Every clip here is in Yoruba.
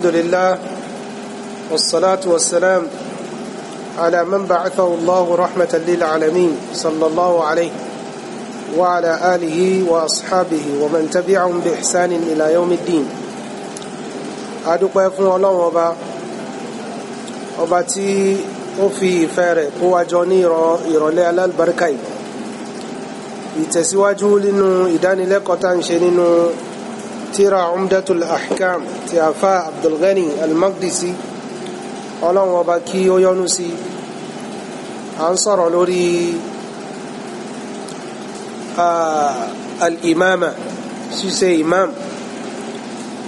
الحمد لله والصلاة والسلام على من بعثه الله رحمة للعالمين صلى الله عليه وعلى آله وأصحابه ومن تبعهم بإحسان إلى يوم الدين أدوك يفون الله وبا وبا تي وفي فارق هو جوني يرولي على البركة يتسواجه لنو إداني لكو تنشي tíra umdatul ahkam ti afa abdulghani almaqdisi ọlọ́run ọba kí ó yọ́nú sí à ń sọ̀rọ̀ lórí al-imama ṣíṣe imam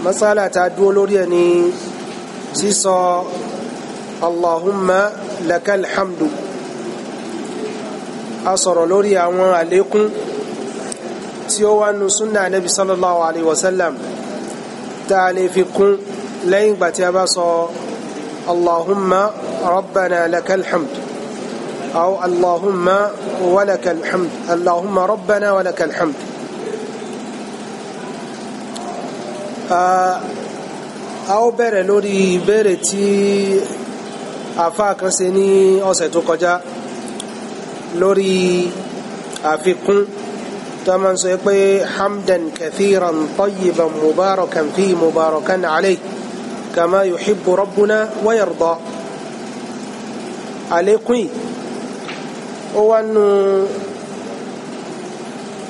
masala ta dúró lórí ẹni sísọ allahumma lakal hamdu a sọ̀rọ̀ lórí àwọn àlékún tí ó wá nu súnà nabi sallallahu alayhi wa sallam tá a lè fi kún lẹ́yìn ìgbà tí a bá sọ allahumma rabbana lakal hamd aw allahumma walakal hamd allahumma rabbana walakal hamd. a ó bẹ̀rẹ̀ lórí ìbéèrè tí àfáà kan ní ọ̀sẹ̀ tó kọjá lórí àfikún. تمن سيقي حمدا كثيرا طيبا مباركا فيه مباركا عليه كما يحب ربنا ويرضى عليكم وأن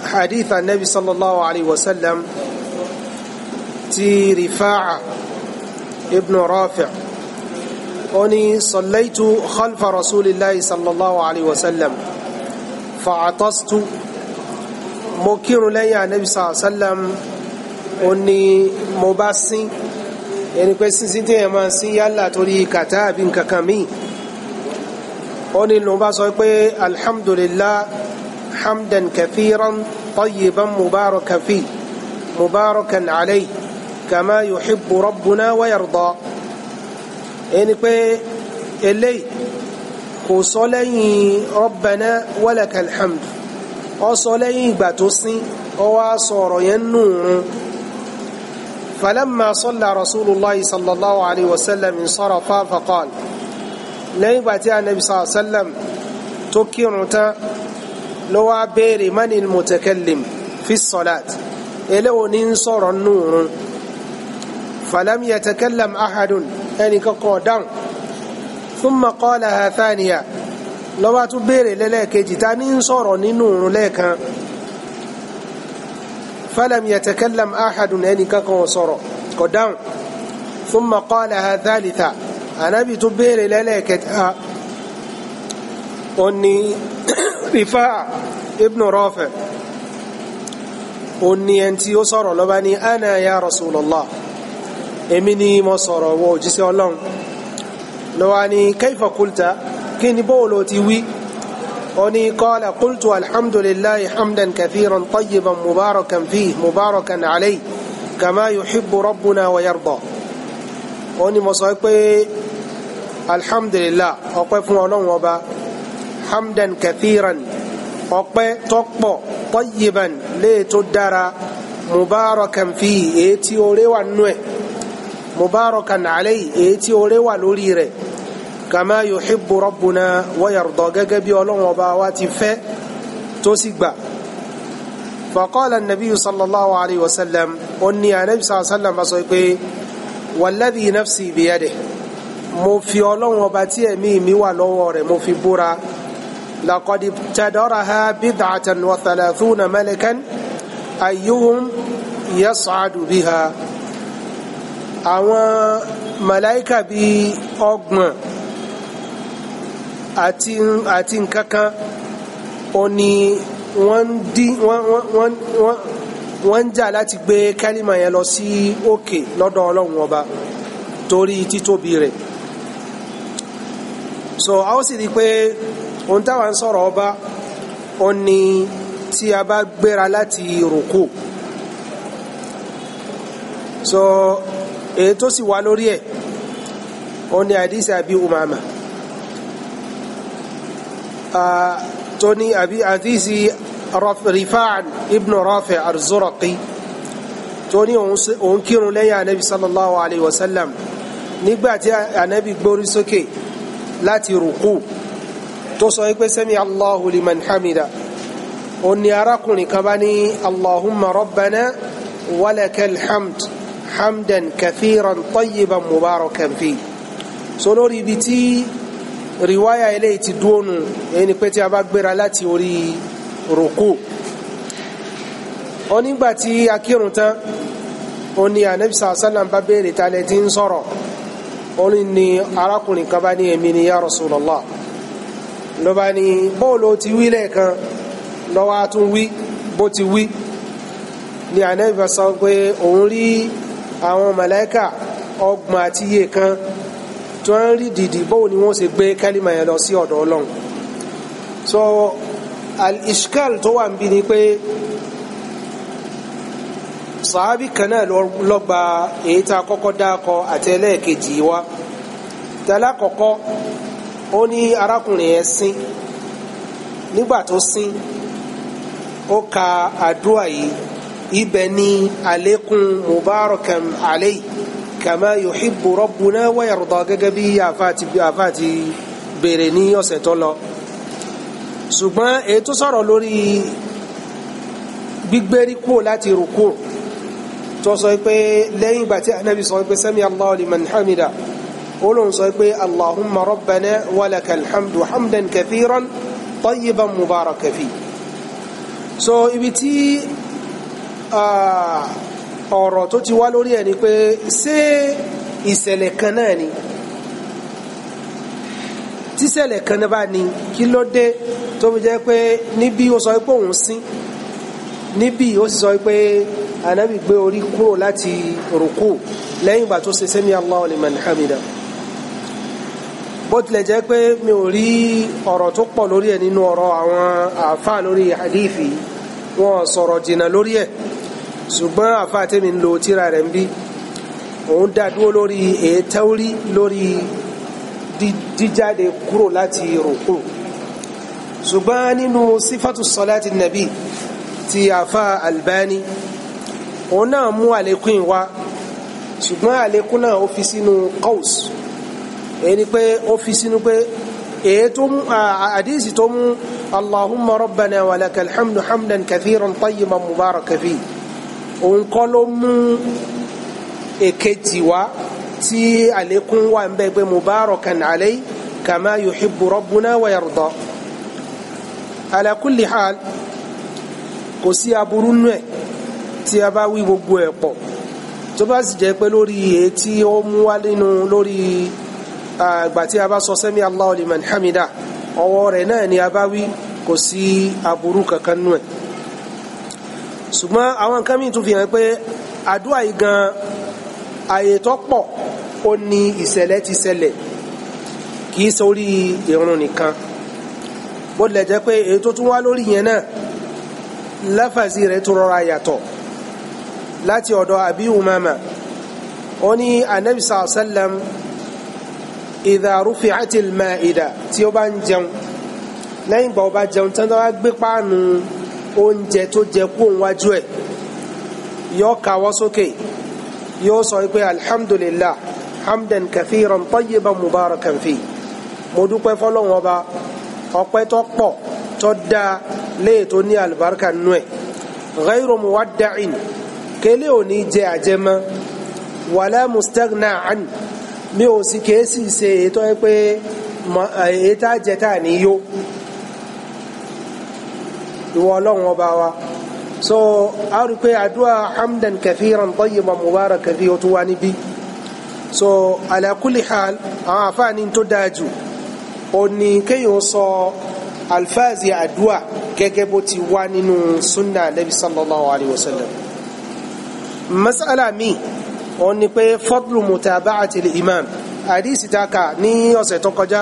حديث النبي صلى الله عليه وسلم تي رفاعة ابن رافع أني صليت خلف رسول الله صلى الله عليه وسلم فعطست mo kírun lẹ́yìn anabi sàlám ó ní mo bá sín ẹni pé sínsín tí èèyàn máa sín yálà torí kàtá àbí nǹkan kan míì ó ní ló bá sọ pé alhamdulillah hamdan kathiran tayyiban mubarakan fi mubarakan alayhi kama yuhibbu rabbuna wa yarda ẹni pé eléyìí kò sọ lẹ́yìn rabbana walakal hamd ó sọ lẹ́yìn ìgbà tó sín ó wá sọ ọ̀rọ̀ yẹn nùrún falamma salla rasulullahi sallallahu alayhi wa sallam insarafa faqal lẹ́yìn ìgbà tí anabi sallallahu alayhi wa sallam tó kírun tán ló wá béèrè manil mutakallim fi salat eléwo ní ń sọ̀rọ̀ nùrún falam yatakallam ahadun ẹnì kankan dáhùn thumma qalaha thaniya lọ́wọ́ tún béèrè lẹ́lẹ́kejì ta ní ń sọ̀rọ̀ nínú òun lẹ́ẹ̀kan falam yatakallam ahadun ẹnìkan kan sọ̀rọ̀ kò dáhùn thumma qalaha thalitha ànábì tún béèrè lẹ́lẹ́kẹta ó ní Rifa'a ibn Rafi ó ní ẹni tí ó sọ̀rọ̀ lọ́ba ní ana ya Rasulullah èmi kí ni bóòlù ti wí oni qala qultu alhamdulillahi hamdan kathiran tayyiban mubarakan fihi mubarakan alayhi kama yuhibbu rabbuna wa yarda oni mo sọ pé alhamdulillah ọpẹ́ fún ọlọ́run ọba hamdan kathiran ọpẹ́ tọ́pọ̀ tayyiban léè tó dára mubarakan fihi èyí tí oore wà nú ẹ̀ mubarakan alayhi èyí tí oore wà lórí rẹ̀ kama yuhibbu rabbuna wa yarda gẹ́gẹ́ bí Ọlọ́run ọba wa ti fẹ́ tó sì gbà faqala an-nabiyyu sallallahu alayhi wa sallam ó ní anabi sallallahu alayhi wa sọ pé walladhi nafsi biyadihi mo fi Ọlọ́run ọba tí ẹ̀mí mi wà lọ́wọ́ rẹ̀ mo fi búra laqad ibtadaraha bid'atan wa thalathuna malakan ayyuhum yas'adu biha àwọn màláíkà bíi ọgbọ̀n àti àti nǹkan kan ó ní wọ́n ń dí wọ́n wọ́n wọ́n wọ́n ń jà láti gbé kálímà yẹn lọ sí òkè lọ́dọ̀ ọlọ́run ọba torí títóbi rẹ̀ so a ó sì rí i pé ohun táwa ń sọ̀rọ̀ ọba ó ní tí a bá gbéra láti rùkú so èyí tó sì wà lórí ẹ̀ ó ní umama tó ní àbí àdísì rifa'an ibn rafi arzuraki tó ní òun kírun lẹ́yìn anabi sallallahu alayhi wa sallam nígbàtí anabi gbórí sókè láti rùkú tó sọ wípé sami allahu liman hamida ó ní arákùnrin kan bá ní allahumma rabbana walakal hamd hamdan kathiran tayyiban mubarakan fi so lórí ibi tí riwaya eléyìí ti dúró nù èyí ni pé tí a bá gbéra láti orí rùkú onígbà tí a kírun tán ó ní anabisa sallam bá béèrè talẹ tí ń sọ̀rọ̀ ó ní arákùnrin kan bá ní èmi ni ya Rasulullah ló bá ní bóòlù ó ti wí lẹ́ẹ̀kan lọ́wọ́ a tún wí ti wí ni anabisa sọ pé òun rí àwọn màláíkà ọgbọ̀n àti iye kan tí wọ́n rí dìdì bóun ni wọ́n ṣe gbé kálímà yẹn lọ sí ọ̀dọ̀ ọlọ́run so al-ishkal tó wà ń bí ni pé sàábì kan náà lọ gba èyí tá a kọ́kọ́ dákọ àti ẹlẹ́ẹ̀kejì wa tẹ́lá kọ́kọ́ ó ní arákùnrin yẹn sín nígbà tó sín ó ka àdúrà yìí ibẹ̀ ni àlékún mubarakan alayhi kàmá yuhibbu rabbuna wa yarda gẹ́gẹ́ bí àfáàtì àfáàtì béèrè ní ọ̀sẹ̀ tó lọ ṣùgbọ́n èyí tó sọ̀rọ̀ lórí gbígbérí kúrò láti rùkú tó sọ pé lẹ́yìn ìgbà tí anábì sọ pé sami Allahu liman hamida olóhùn sọ pé allahumma rabbana walakal hamdu hamdan kathiran tayyiban mubarakan fi so ibi tí ah, ọ̀rọ̀ tó ti wá lórí ẹ̀ ni pé ṣé ìṣẹ̀lẹ̀ kan náà ni tíṣẹ̀lẹ̀ kan náà bá ní kí ló dé tó fi jẹ́ pé níbi ó sọ pé òun sín níbi ó sì sọ pé ànábì gbé orí kúrò láti rùkú lẹ́yìn ìgbà tó ṣe sẹ́mi Allahu liman hamida bó tilẹ̀ jẹ́ pé mi ò rí ọ̀rọ̀ tó pọ̀ lórí ẹ̀ nínú ọ̀rọ̀ àwọn àáfàá lórí hadithi wọn sọ̀rọ̀ jìnnà lórí ẹ̀ ṣùgbọ́n àfáà tẹ́mi ń lo tíra rẹ̀ ń bí òun dá dúró lórí èétáwórí lórí jíjáde kúrò láti rùkú ṣùgbọ́n nínú sífàtù sọláti nàbí ti àfáà Albani òun náà mú àlékún ìwá ṣùgbọ́n àlékún náà ó fi sínú qaus ẹni pé ó fi sínú pé èétò àdísì tó mú allahumma rabbana wa lakal hamdu hamdan kathiran tayyiban mubarakan fihi òun kọ́ ló mú èkejì wá tí àlékún wà ń bẹ pé mubarakan alay kama yuhibbu rabbuna wa yarda ala kulli hal kò sí aburú nù ẹ̀ tí a bá wí gbogbo ẹ̀ pọ̀ tó bá sì jẹ́ pé lórí èyí tí ó mú wá nínú lórí àgbà tí a bá sọ sami Allahu liman hamida ọwọ́ rẹ̀ náà ni a bá wí kò sí aburú kankan nù ẹ̀ ṣùgbọ́n àwọn nǹkan mìíràn tún fi hàn pé àdúrà yìí gan àyè tó pọ̀ ó ní ìṣẹ̀lẹ̀ ti ṣẹlẹ̀ kì í sórí ìrun nìkan bó lè jẹ́ pé èyí tó tún wá lórí yẹn náà láfàzí rẹ̀ tó rọra yàtọ̀ láti ọ̀dọ̀ àbí umama ó ní anabi sàlẹm idha rufi'atil ma'ida tí ó bá ń jẹun lẹ́yìn ìgbà ó bá jẹun tán tó wá gbé páànù oúnjẹ tó jẹ kú òǹwájú ẹ̀ yóò kawọ́ sókè yóò sọ pé alhamdulillah hamdan kathiran tayyiban mubarakan fi mo dúpẹ́ fọ́lọ́run ọba ọpẹ́ tó pọ̀ tó dáa léè tó ní àlùbáríkà nú ẹ̀ ghayru muwadda'in kele ò jẹ àjẹmọ́ wàlá mustaghna an mi ò sì kéésì ṣe èyí tó pé èyí tá jẹ tá ìwọ ọlọ́run ọba wa so a rí pé àdúrà hamdan kathiran tayyiban mubarakan fi o tún wá níbí so ala kulli hal àwọn àfáàní tó dáa jù ó ní kéèyàn sọ alfáàzì àdúrà gẹ́gẹ́ bó ti wá nínú sunna nabi sallallahu alayhi wa sallam masala mi ó ní pé fadlu mutaba'ati al-imam àdìsí ta kà ní ọ̀sẹ̀ tó kọjá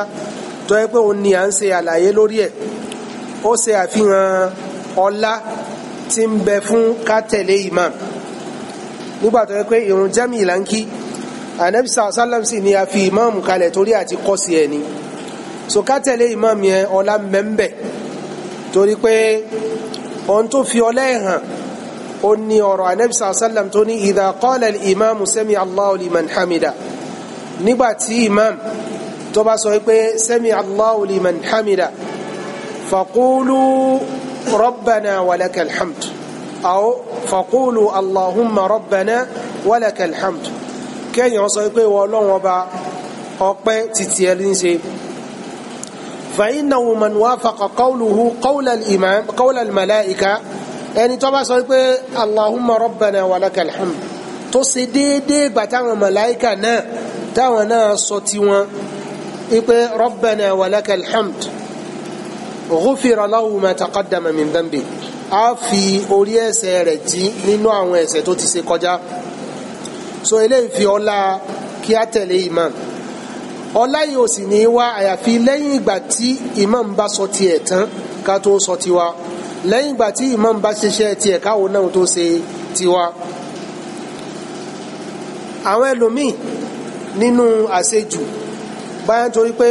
tó yẹ pé òun ni à ń ṣe àlàyé lórí ẹ̀ ó ṣe àfihàn ọlá tí ń bẹ fún ká tẹ̀lé imam nígbà tó yẹ pé irun jami ìlànkí anabi sallam sì ni a fi imam kalẹ̀ torí àti kọ́ sí ẹni so ká tẹ̀lé imam yẹn ọlá mẹ́mbẹ̀ torí pé ohun tó fi ọlá ẹ̀ hàn ó ní ọ̀rọ̀ anabi sallam tó ní idha qala al-imam sami Allahu liman hamida nígbà tí imam tó bá sọ pé sami Allahu liman hamida. فقولوا ربنا ولك الحمد أو فقولوا اللهم ربنا ولك الحمد كان يوصيكي والله وبا أقبي تتيالين فإنه من وافق قوله قول الإمام قول الملائكة يعني طبعا سيقول اللهم ربنا ولك الحمد tó ṣe déédéé gbà táwọn màláíkà náà táwọn náà sọ tiwọn ipe rabbana walakal غفر له ما تقدم من ذنبه a fi orí ẹ̀ṣẹ̀ rẹ̀ jì nínú àwọn ẹ̀ṣẹ̀ tó ti ṣe kọjá so eléyìí fi ọlá kí a tẹ̀lé imam ọlá yìí ò sì ní wá àyàfi lẹ́yìn ìgbà tí imam bá sọ tiẹ̀ tán ká tó sọ tiwa lẹ́yìn ìgbà tí imam bá ṣiṣẹ́ tiẹ̀ káwo náà tó ṣe tiwa àwọn ẹlòmíì nínú àṣejù báyà torí pé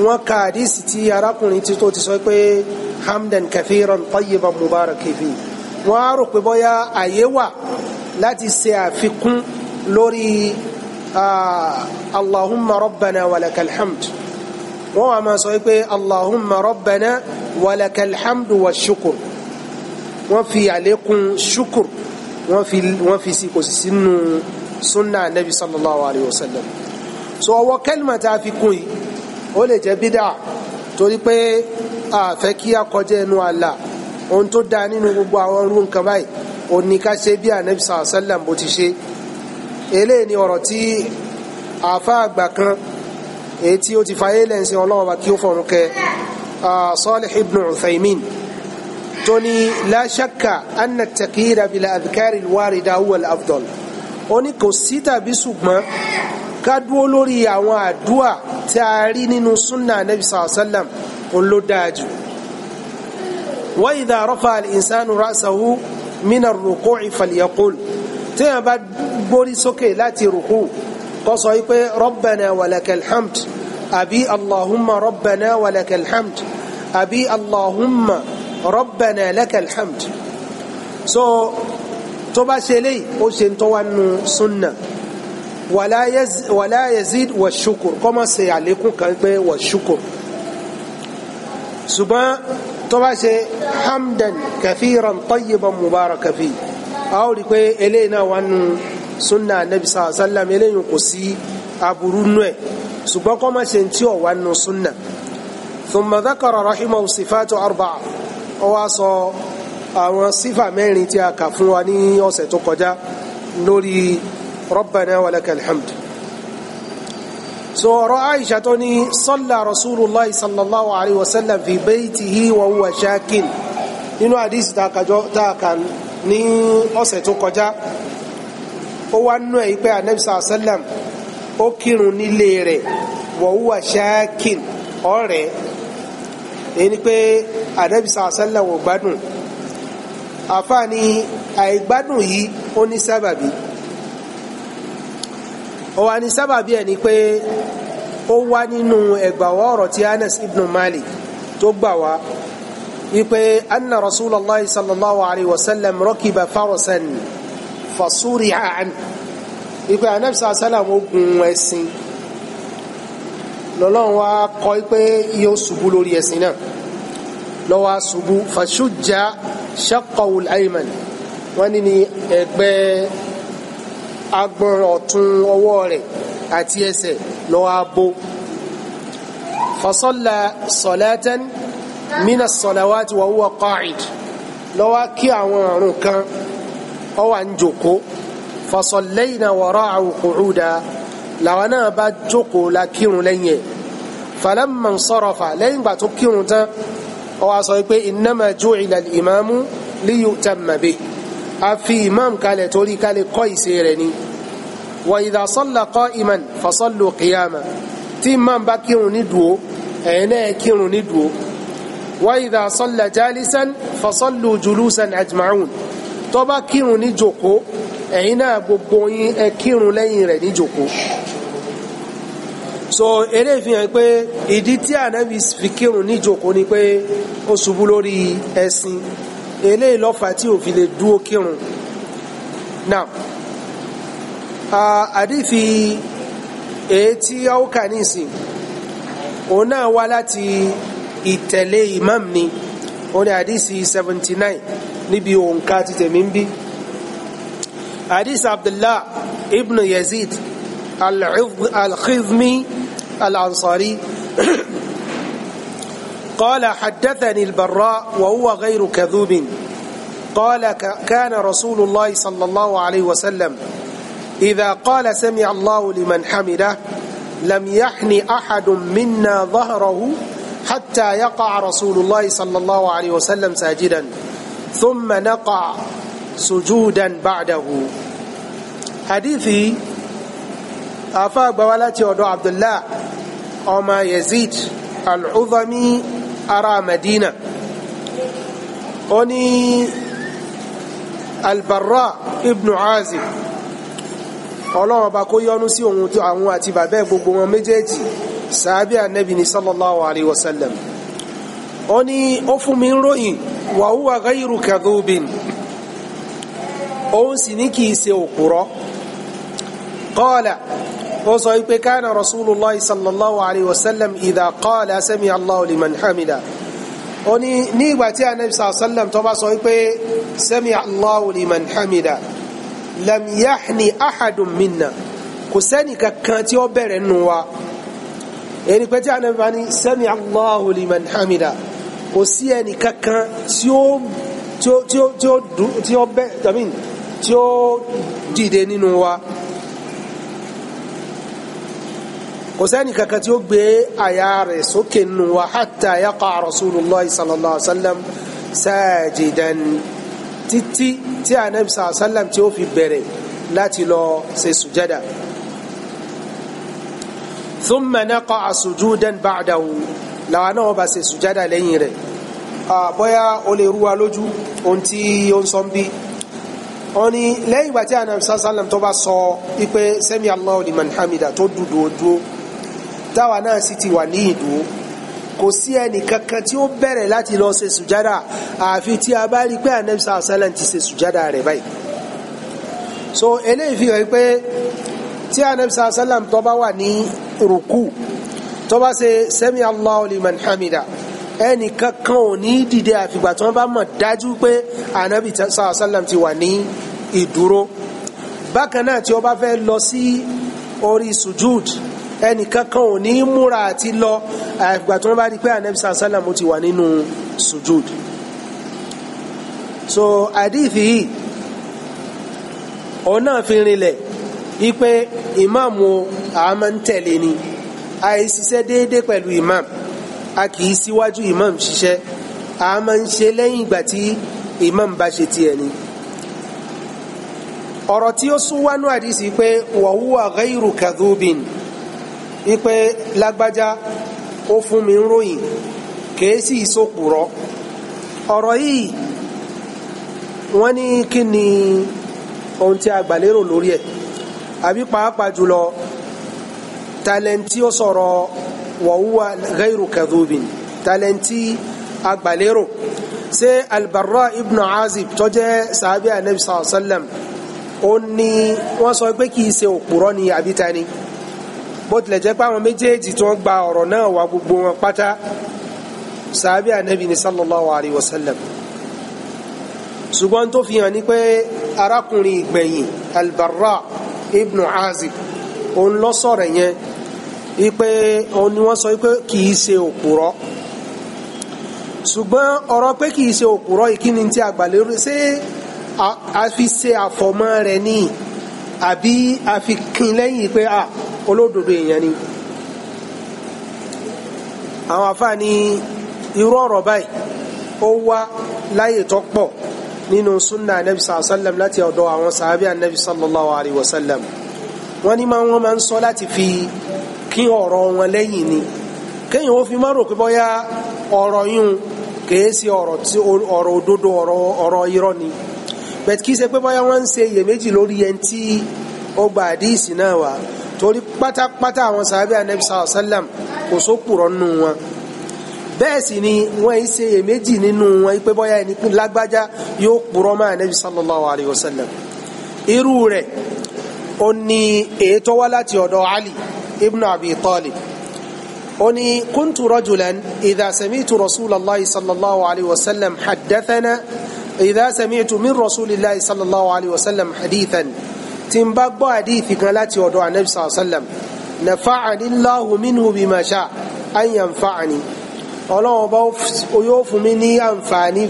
wọ́n ka àdísì tí arákùnrin tí tó ti sọ pé hamdan kathiran tayyiban mubarak fi wọ́n á rò pé bóyá àyè wà láti ṣe àfikún lórí allahumma rabbana walakal hamd wọ́n wà máa sọ pé allahumma rabbana walakal hamd wa shukur wọ́n fi àlékún shukur wọ́n fi sí kò sí sínú sunna nabi sallallahu alayhi wa sallam so ọwọ́ kẹ́lìmọ̀ tá a fi kún yìí ó lè jẹ́ bídà torí pé a fẹ́ kí a kọjá ẹnu àlà ohun tó dáa nínú gbogbo àwọn irú nǹkan báyìí òun ni ká ṣe bí ànábì sàásálàm bó ti ṣe eléyìí ni ọ̀rọ̀ tí àáfà àgbà kan èyí tí ó ti fa ayé lẹ́nsìn ọlọ́wọ́ kí ó fọ̀run kẹ Salih ibn Uthaymin tó ní la anna at-taqyida bil adhkar al-warida ó ní kò sí tàbí ṣùgbọ́n ká dúró lórí àwọn àdúà tí a rí nínú súnà nabi sàlám òun ló dáa jù wa idha rafa al-insanu ra'sahu min ar-ruku'i falyaqul téèyàn bá gbórí sókè láti rùkú kó sọ wípé rabbana walakal hamd àbí allahumma rabbana walakal àbí allahumma rabbana lakal so tó bá ṣe léyìí ó ṣe ń tọ́wá nu wàlá yazid wà ṣukur kọ́ mọ̀ ṣe àlékún kan pé wà ṣukur ṣùgbọ́n tó bá ṣe hamdan kathiran tayyiban mubarakan fi a ó rí pé eléyìí náà wà nù sunna anabi sallallahu alayhi wa sallam eléyìí kò sí aburú nù ẹ̀ ṣùgbọ́n kọ́ mọ̀ ṣe tí ò wà nù sunna thumma dhakara sifatu arba'a ó wá sọ àwọn sífà mẹ́rin tí a kà fún wa ní ọ̀sẹ̀ tó kọjá lórí. ربنا ولك الحمد سورة عائشة صلى رسول الله صلى الله عليه وسلم في بيته وهو شاكٍ nínú àdísì tààkà ní ọ̀sẹ̀ tó kọjá ó wá nú ẹ̀ pé anẹ́bísà sẹ́lẹ̀m ó kírun nílé rẹ̀ wọ̀húwà ṣáàkìn ọ̀rẹ́ èyí pé anẹ́bísà sẹ́lẹ̀m ò gbádùn àfáà ni àìgbádùn yìí ó ní sábàbí ọwọ́ ni sábàbí ẹ̀ ni pé ó wá nínú ẹgbàwọ́ ọ̀rọ̀ tí Anas ibn Malik tó gbà wá wípé anna rasulallah sallallahu alayhi wa sallam rọ́kìbà farasan fasúrì àán wípé anabi sallallahu alayhi wa sallam ó gun wá kọ́ pé yóò ṣubú lórí ẹṣin náà lọ́wọ́ ṣubú fàṣújà shaqqa al wọ́n ní ní ẹgbẹ́ agbọ̀n ọ̀tún ọwọ́ rẹ̀ àti ẹsẹ̀ lọ abo fasọ́lá sọ̀lẹ́tẹ́n mina sọ̀lẹ́wàtí wà wúwa qa'id ló wá kí àwọn àrùn kan ó wà ń jòkó fasọ̀lẹ́yìn wọ̀rọ̀ àwọn qu'uda làwọn náà bá jòkó a fi imam kalẹ̀ torí kalẹ̀ kọ́ ìṣe rẹ̀ ni wa idha salla qa'iman fa sallu qiyama tí imam bá kírun ní dùó ẹ̀yin náà kírun ní dùó wa idha salla jalisan fa sallu julusan tó bá kírun ní jòkó ẹ̀yin gbogbo yín ẹ kírun lẹ́yìn rẹ̀ ní jòkó so eré fi hàn pé ìdí tí ànábì fi kírun ní ìjòkó ni pé ó ṣubú lórí ẹṣin eléyìí lọ́fà tí ò fi lè dúó kírun now àdífi èyí tí a ó kà nísìn òun náà wá láti ìtẹ̀lé imam ni òun ni àdísì 79 níbi òǹkà ti tẹ̀mí ń bí àdísì abdullah ibn yazid al-khizmi al-ansari قال حدثني البراء وهو غير كذوب قال كان رسول الله صلى الله عليه وسلم إذا قال سمع الله لمن حمده لم يحن أحد منا ظهره حتى يقع رسول الله صلى الله عليه وسلم ساجدا ثم نقع سجودا بعده حديثي أفاق بولاتي ودو عبد الله أما يزيد العظمي ará Madina ó ní Al-Barra ibn Azib ọlọ́run ọba kó yọ́nú sí ohun tó àwọn àti bàbá ẹ̀ gbogbo wọn méjèèjì sàábí ànẹ́bì ní sallallahu alayhi wa sallam ó ní ó fún mi ròyìn wa huwa ghayru kadhubin òun sì ní kìí ṣe òpùrọ́ qala ó sọ wípé kánà rasulullah sallallahu alayhi wa sallam idha qala sami allahu liman hamida ó ní ní ìgbà tí anabi sallam tó bá sọ wípé sami allahu liman hamida lam yahni ahadun minna kò sẹ́ni kankan tí ó bẹ̀rẹ̀ nù wa èyí pé tí anabi bá ní sami allahu liman hamida kò sí ẹni kankan tí ó tí ó tí ó tí ó bẹ tàbí tí ó dìde nínú wa kò sẹ́ni kankan tí ó gbé àyà rẹ̀ sókè nù wá hatta yaqa rasulullah sallallahu alaihi wa sallam sajidan títí tí anabi sallallahu alaihi wa sallam tí ó fi bẹ̀rẹ̀ láti lọ ṣe sùjádà thumma naqa'a sujudan ba'dahu làwọn náà bá ṣe sùjádà lẹ́yìn rẹ̀ bóyá o lè rúwa lójú ohun tí ó ń sọ bí wọ́n ní lẹ́yìn ìgbà tí anabi sallallahu tó bá sọ ipe sami Allahu liman hamida tó dúdú ó dúró táwa náà sì ti wà ní ìdúró kò sí ẹnì kankan tí ó bẹ̀rẹ̀ láti lọ ṣe sùjádà àfi tí a bá rí pé anamsa asalan ti ṣe sùjádà rẹ̀ báyìí so eléyìí fi hàn pé tí anamsa asalan tó bá wà ní rùkú tó bá ṣe sẹ́mi Allahu liman hamida ẹnì kankan ò ní dìde àfìgbà tí wọ́n bá mọ̀ dájú pé anabi sàlám ti wà ní ìdúró bákan náà tí ó bá fẹ́ lọ sí orí sujud ẹnìkankan ò ní múra àti lọ àgbà tó ń bá rí pé anabi sàlám ó ti wà nínú sujud so àdìfì yìí òun náà fi rinlẹ̀ wípé ìmáàmù àmọ́ ń tẹ̀lé ni àìṣiṣẹ́ déédé pẹ̀lú ìmáàmù a kì í síwájú ìmáàmù ṣiṣẹ́ àmọ́ ń ṣe lẹ́yìn ìgbà tí ìmáàmù bá ṣe tiẹ̀ ni ọ̀rọ̀ tí ó sún àdìsí pé wàhúwà ghayru kadhubin ipe lágbájá ó fún mi ń ròyìn kìí sì sòpùrọ́ ọ̀rọ̀ yìí wọ́n ní kí ni ohun tí a gbàlérò lórí ẹ̀ àbí pàápàá jùlọ tàlẹ́ntì ó sọ̀rọ̀ wọ̀húwa gairu kadhubin tàlẹ́ntì agbàlérò ṣé albarra ibn azib tó jẹ́ sàábẹ́ anabi ó ní wọ́n sọ pé kìí ṣe òpùrọ́ ni àbí bó tilẹ̀ jẹ́ pé àwọn méjèèjì tí wọ́n gba ọ̀rọ̀ náà wá gbogbo wọn pátá sàábì ànábì ní sallallahu alayhi wa sallam ṣùgbọ́n tó fi hàn ní pé arákùnrin ìgbẹ̀yìn albarra ibn azib òun lọ sọ̀rọ̀ yẹn wípé òun ni wọ́n sọ wípé kìí ṣe òpùrọ́ ṣùgbọ́n ọ̀rọ̀ pé kìí ṣe òpùrọ́ ìkíni tí àgbàlérò ṣé a fi ṣe àfọ̀mọ́ rẹ̀ ní àbí a fi kín lẹ́yìn pé Ah, olódodo èèyàn ni àwọn àfáà ní irú ọ̀rọ̀ báyìí ó wá láyè tó pọ̀ nínú súnà anabi sàlám láti ọ̀dọ̀ àwọn sàábì anabi sallallahu alayhi wa sallam wọ́n ní máa wọ́n máa ń sọ láti fi kí ọ̀rọ̀ wọn lẹ́yìn ni kéèyàn ó fi má rò pé bóyá ọ̀rọ̀ yún kèé sí ọ̀rọ̀ tí ọ̀rọ̀ òdodo ọ̀rọ̀ irọ́ ni bẹ̀t kí ṣe pé bóyá wọ́n ń ṣe iyèméjì lórí ẹni tí ó gba àdíìsì náà wá pátápátá àwọn sàábẹ́ anabi sàlá sàlám kò sókùrọ̀ nù wọn bẹ́ẹ̀ sì ni wọ́n ń ṣe èméjì nínú wọn pé bọ́yá ẹni lágbájá yóò purọ́ mọ́ anabi sallallahu alayhi wa sallam irú rẹ̀ ó ní ètò wá láti ọ̀dọ̀ ali ibn abi talib ó ní kuntu rajulan idha sami'tu rasulallahi sallallahu hadithan tí n bá gbọ́ àdíìfì kan láti ọ̀dọ̀ anabi sallallahu alayhi wa sallam nafa'ani Allahu minhu bima sha'a an yanfa'ani ọlọ́run bá yóò fún mi ní àǹfààní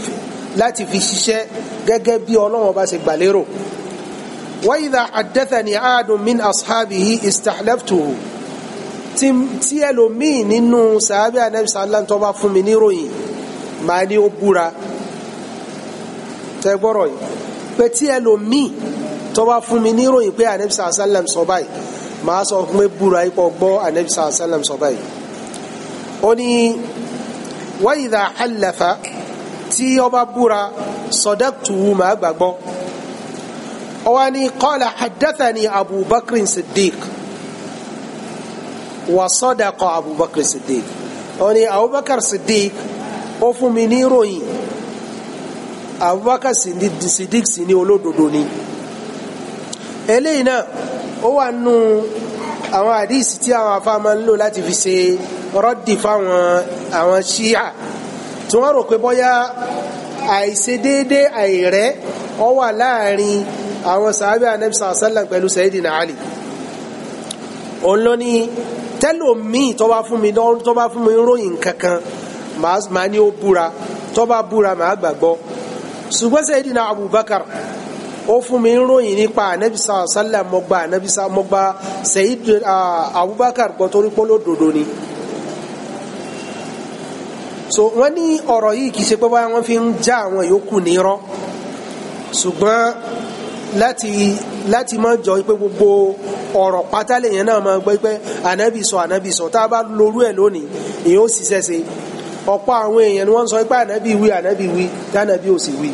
láti fi ṣiṣẹ́ gẹ́gẹ́ bí ọlọ́run bá ṣe gbàlérò wa idha haddathani ahadun min ashabihi istahlaftuhu tí ẹlòmíì nínú sàábì anabi sallam tó bá fún mi níròyìn màá ní ó búra tẹ́gbọ́rọ̀ yìí pé tí ẹlòmíì tó bá fún mi ní ìròyìn pé anabi sàlám sọ báyìí màá sọ pé búra ipò gbọ́ anabi sàlám sọ báyìí ó ní wa idha halafa tí ó bá búra sadaqtu màá gbàgbọ́ ó wá ní qala haddathani abubakar siddiq wa sadaqa abubakar siddiq ó ní abubakar siddiq ó fún mi ní ìròyìn abubakar siddiq sì ní olódodo ni. Siddiq, eléyìí náà ó wà nù àwọn àdíìsì tí àwọn afá máa ń lò láti fi ṣe rọ́dì fáwọn àwọn ṣíà tí wọ́n rò pé bóyá àìṣedéédé àìrẹ́ ọ wà láàrin àwọn sàábẹ́ anẹ́bísà sálàm pẹ̀lú Sayyidina Ali òun ló ní tẹ́lòmíì tó fún mi tó bá fún mi ròyìn kankan màá ní ó búra tó bá búra màá gbàgbọ́ ṣùgbọ́n Sayyidina Abubakar ó fún mi ń ròyìn nípa ànẹ́bísà sálà mọ́gbà ànẹ́bísà mọ́gbà Sayyid Abubakar gbọ́ torí pólódodo ni so wọ́n ní ọ̀rọ̀ yìí kìí ṣe pé báyà wọ́n fi ń já àwọn yòókù nírọ́ ṣùgbọ́n láti láti máa jọ pé gbogbo ọ̀rọ̀ pátá lèèyàn náà máa gbé pé ànábì sọ ànábì sọ tá a bá lorú ẹ̀ lónìí èèyàn ó sì ṣẹ̀ṣe ọ̀pọ̀ àwọn èèyàn ni wọ́n sọ pé ànábì wí ànábì wí tí ànábì ò sì wí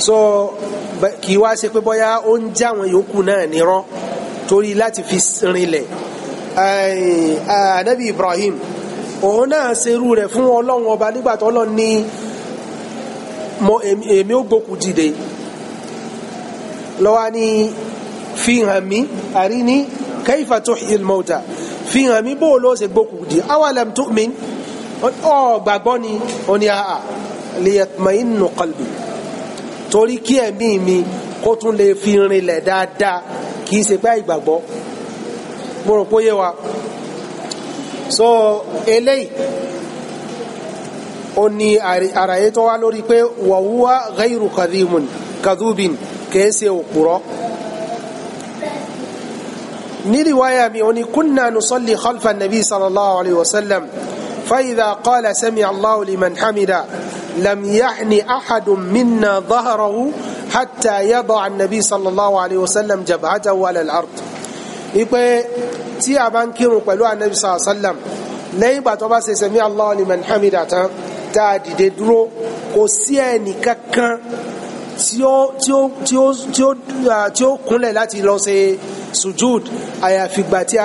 so kì í wá ṣe pé bóyá ó ń já àwọn yòókù náà nírọ́ torí láti fi rinlẹ̀ anabi eh, Ibrahim òun náà ṣerú rẹ̀ fún ọlọ́run ọba nígbà tó lọ ní mo èmi ó gbókù dìde lọ́wọ́ ni fi hàn mí àríní kaifa tuhil mauta fi hàn mí bóò ló ṣe gbókù dìde awalam tu'min ọ gbàgbọ́ ni ó ní àà liyatmainu torí kí ẹ̀mí mi kó tún lè fi rinlẹ̀ dáadáa kì í ṣe pé ìgbàgbọ́ mo rò póyé wa so eléyìí ó ní àràyé tó wá lórí pé wàhúwá ghayru kadhimun kadhubin kìí ṣe òpùrọ́ ní riwaya mi ó ní kunna nusalli khalfa nabi sallallahu alayhi wa sallam fa idha qala sami allahu liman لم يحن أحد منا ظهره حتى يضع النبي صلى الله عليه وسلم جبهته على الأرض ipe tí a bá ń kírun pẹ̀lú anabi sallallahu alayhi wa sallam lẹ́yìn ìgbà tó bá ṣe sẹ́mi Allahu liman hamida tán tá a dìde dúró kò sí ẹnì kankan tí ó tí ó tí ó tí ó tí ó kúnlẹ̀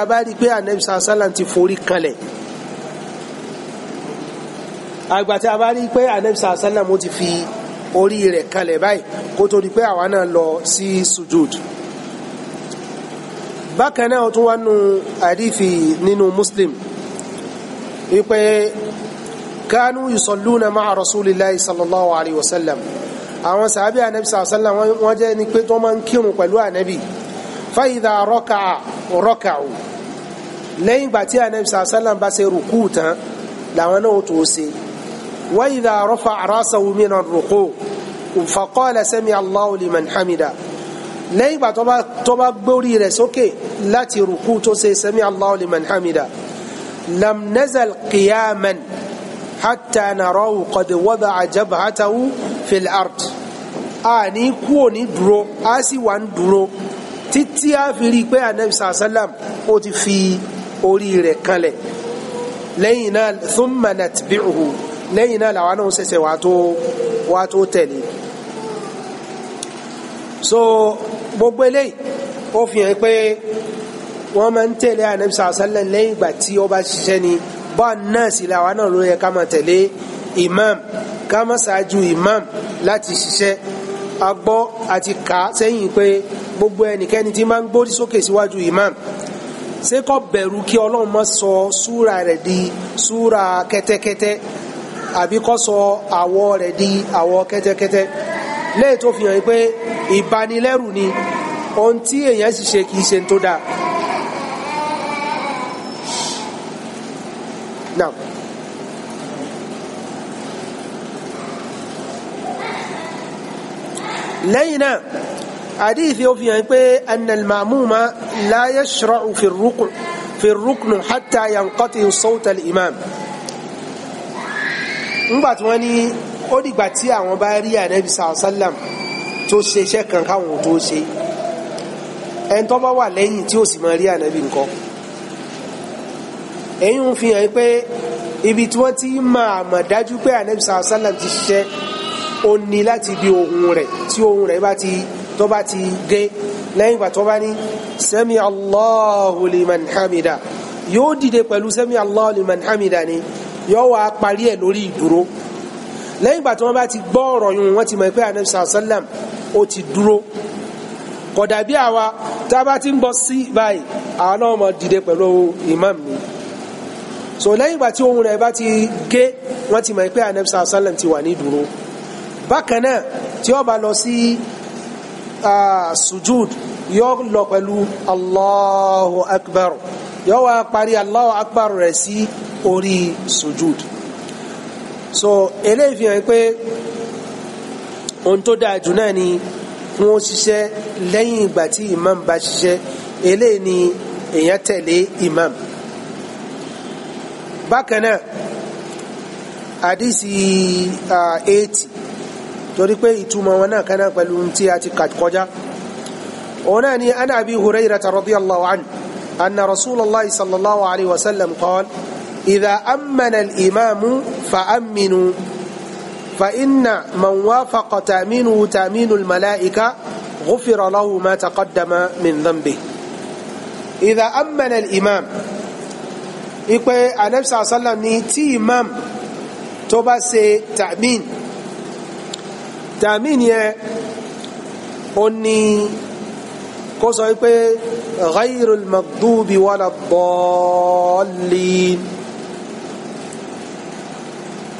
a bá rí i anabi sallam ti forí kanlẹ̀ àgbà tí a bá rí pé anabi sàásánà mo ti fi orí rẹ̀ kalẹ̀ báyìí kó tó di pé àwa náà lọ sí sujud bákan náà tún wá nù àdífì nínú muslim wípé kánú yusalluna ma'a rasulillahi sallallahu alayhi wa sallam àwọn sàábí ànábì sàásánà wọ́n jẹ́ ni pé tó máa ń kírun pẹ̀lú ànábì fa idha raka'a raka'u lẹ́yìn ìgbà tí ànábì sàásánà bá ṣe rùkú tán làwọn náà tó ṣe وإذا رفع رأسه من الركوع فقال سمع الله لمن حمده lẹ́yìn ìgbà tó bá gbórí rẹ̀ sókè láti rùkú tó ṣe sami Allahu liman hamida lam nazal qiyaman hatta narahu qad wada'a jabhatahu fil ard a ní kú ò ní dúró a sì wà ń dúró títí a fi rí i pé anabi sàlám ó ti fi orí rẹ̀ kanlẹ̀ lẹ́yìn náà thumma natbi'uhu lẹ́yìn náà làwa náà ṣẹ̀ṣẹ̀ wà tó tẹ̀lé so gbogbo eléyìí ó fi hàn pé wọ́n máa ń tẹ̀lé ànẹ́bísà àṣálẹ̀ lẹ́yìn ìgbà tí ó bá ṣiṣẹ́ ni bá náà sì làwa náà ló yẹ ká máa tẹ̀lé imam ká máa ṣáájú imam láti ṣiṣẹ́ a gbọ́ àti kà á sẹ́yìn pé gbogbo ẹnikẹ́ni tí máa ń gbórí sókè síwájú imam ṣé kó bẹ̀rù kí ọlọ́run má sọ súra rẹ̀ di súra kẹ́tẹ́kẹ́tẹ́ àbí kó sọ àwọ̀ rẹ̀ di àwọ̀ kẹ́tẹ́kẹ́tẹ́ lẹ́yìn tó fi hàn pé ìbanilẹ́rù ni ohun tí èèyàn sì ṣe kìí ṣe tó dáa. Now, lẹ́yìn náà àdíìsí ó fi hàn pé annalmamuma la yashra'u fi rukun hatta yanqati sawta al-imam ńgbà tí wọ́n ní ó dìgbà tí àwọn bá rí ànábì sàlám tó ṣe iṣẹ́ kan káwọn tó ṣe ẹni tó bá wà lẹ́yìn tí ó sì máa rí ànábì nǹkan èyí ń fi hàn pé ibi tí wọ́n ti máa mọ̀ dájú pé ànábì sàlám ti ṣiṣẹ́ ó ní láti bí ohun rẹ̀ tí ohun rẹ̀ tó bá ti gé lẹ́yìn ìgbà tó bá ní sami Allahu liman hamida yóò dìde pẹ̀lú sami Allahu liman hamida ni yóò wá parí ẹ̀ lórí ìdúró lẹ́yìn ìgbà tí wọ́n bá ti gbọ́ ọ̀rọ̀ yìí wọ́n ti mọ̀ pé anabi sàlám ó ti dúró kò dàbí àwa tá a bá ti ń bọ̀ sí báyìí àwọn náà dìde pẹ̀lú imam ni so lẹ́yìn ìgbà tí ohun rẹ̀ bá ti gé wọ́n ti mọ̀ pé anabi sàlám ti wà ní ìdúró bákan náà tí ó bá lọ sí sujud yóò lọ pẹ̀lú allahu akbar yóò wá parí allahu akbar rẹ̀ sí. Si, orí sujud so eléyìí fi hàn pé ohun tó dáa jù náà ni wọ́n ṣiṣẹ́ lẹ́yìn ìgbà tí imam bá ṣiṣẹ́ eléyìí ni èèyàn tẹ̀lé imam bákan náà àdìsí eighty torí pé ìtumọ̀ wọn náà kan náà pẹ̀lú tí a ti kọjá òun náà ni ana abi hurairata anhu anna rasulallah sallallahu alayhi wa sallam qala. إذا أمن الإمام فأمنوا فإن من وافق تأمينه تأمين الملائكة غفر له ما تقدم من ذنبه إذا أمن الإمام ipe anabi sallallahu alaihi wasallam ní tí imam tó bá ṣe ta'min ta'min yẹ ó ní kó sọ pé wala dallin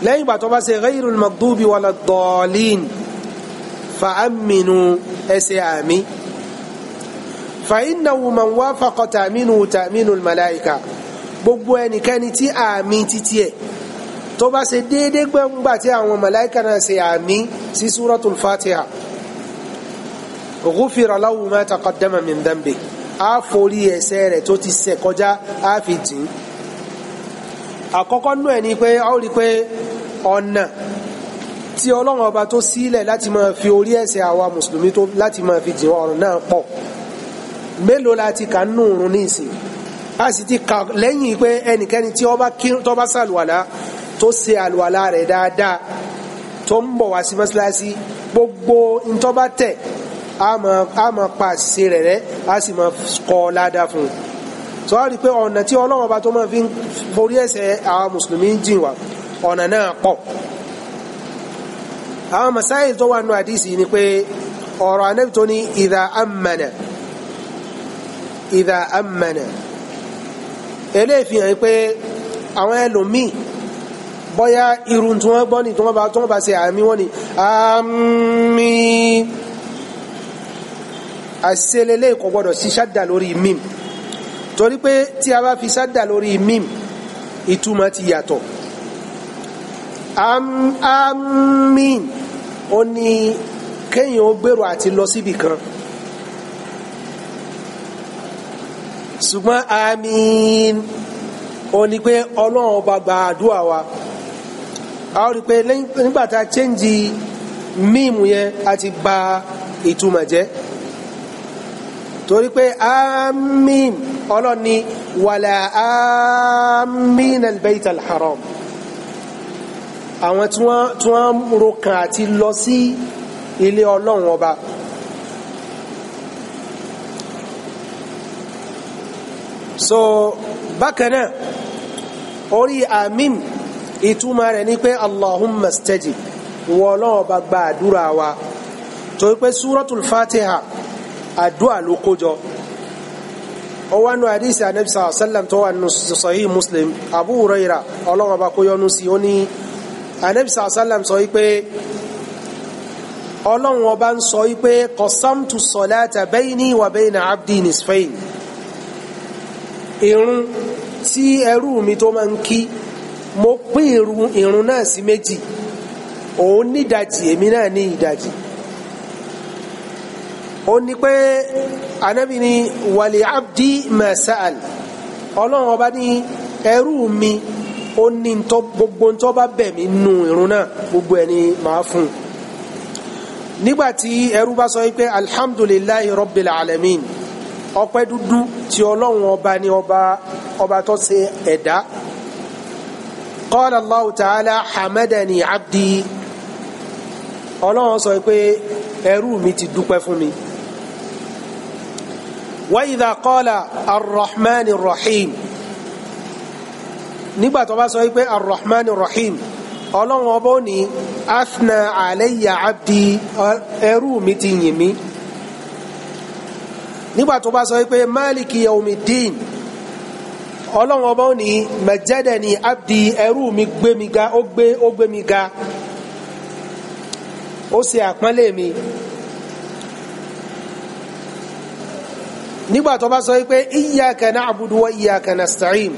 lẹ́yìn ìgbà tó bá ṣe ghayrul maghdubi waladdallin fa aminu ẹsẹ̀ àmì fa innahu man wafaqa ta'minu ta'minu al-malaika gbogbo ẹnikẹ́ni tí àmì títí ẹ̀ tó bá ṣe déédé gbẹ́ngbà tí àwọn màláíkà náà ṣe àmì sí súratul fatiha ghufira lahu ma taqaddama min dhanbi forí ẹ̀ṣẹ̀ rẹ̀ tó ti ṣẹ̀ kọjá a fi jìn àkọ́kọ́ nú ẹ̀ pé a ó rí pé ọ̀nà tí ọlọ́run ọba tó sílẹ̀ láti máa fi orí ẹ̀ṣẹ̀ àwa mùsùlùmí tó láti máa fi jìn ọ̀run náà pọ̀ mélòó la ti kà ń nù rún ní ìsìn a sì ti kà lẹ́yìn pé ẹnikẹ́ni tí ọba kírun tó bá ṣàlùwàlá tó ṣe àlùwàlá rẹ̀ dáadáa tó ń bọ̀ wá sí mọ́ṣáláṣí gbogbo ntọ́ba tẹ̀ a máa pa àṣìṣe rẹ̀ rẹ́ a sì máa kọ́ ládàá fún un so a rí pé ọ̀nà tí Ọlọ́run bá tó máa fi borí ẹ̀ṣẹ̀ àwọn mùsùlùmí jìn wá ọ̀nà náà pọ̀ àwọn masáyì tó wà nù àdísì ni pé ọ̀rọ̀ Ànábì tó ní ìdá amànà ìdá amànà eléyìí pé àwọn ẹlòmíì bọ́yá irun tí wọ́n gbọ́ ni tí wọ́n bá tí wọ́n bá ṣe àmì wọ́n ni àmì àṣẹlélẹ́ẹ̀kọ́ gbọ́dọ̀ sí ṣádà lórí mím torí pé tí a bá fi sádà lórí mim ìtumọ̀ ti yàtọ̀ amin ó ní kéèyàn ó gbèrò àti lọ síbì kan ṣùgbọ́n amin ó ní pé ọlọ́run ọba gba àdúrà wa a ó rí i pé nígbà chẹ́ǹjì mímu yẹn a ti bà ìtumọ̀ jẹ́ torí pé amín ọlọ́ni wàlà amín albayt alharam àwọn tí wọ́n rokan àti lọ sí ilé ọlọ́run ọba so bákan náà orí amín ìtumọ̀ rẹ̀ ni pé allahumma stajib wọ́n ọlọ́run ọba gba àdúrà wa torí pé súratul fatiha àdúà ló kójọ ọwọ́ nù àdìsí anabi sallallahu alayhi wa sallam tó wà nù sahih muslim abu huraira ọlọ́wọ́n bá kó yọnu sí ó ní anabi sallallahu alayhi wa sallam sọ wípé ọlọ́run ọba ń sọ wípé qasamtu salata bayni wa bayna abdi nisfayn irun tí ẹrú mi tó máa ń kí mo pín irun náà sí méjì òun nídajì èmi náà ní ìdajì ó ní pé anábì ni wàlẹ̀ abdi masal ọlọ́run ọba ní ẹrú mi ó ní gbogbo tó bá bẹ̀ mí nù irun náà gbogbo ẹ̀ ni màá fún un nígbàtí ẹrú bá sọ wípé alhamdulillahi rabbil alamin ọpẹ́ dúdú tí ọlọ́run ọba ní ọba ọba tó ṣe ẹ̀dá qala Allahu ta'ala hamadani abdi ọlọ́run sọ wípé ẹrú mi ti dúpẹ́ fún mi. وإذا قال الرحمن الرحيم nígbà tó bá sọ wípé arrahman rahim ọlọ́run ọba ó ní afna alayya abdi ẹrú mi ti yìn mí nígbà tó bá sọ wípé maliki yawmiddin ọlọ́run ọba ó ní majadani abdi ẹrú mi gbé mi ga ó gbé mi ga ó ṣe àpọ́nlé mi nígbà tó bá sọ wípé iyyaka na'budu wa iyyaka nasta'in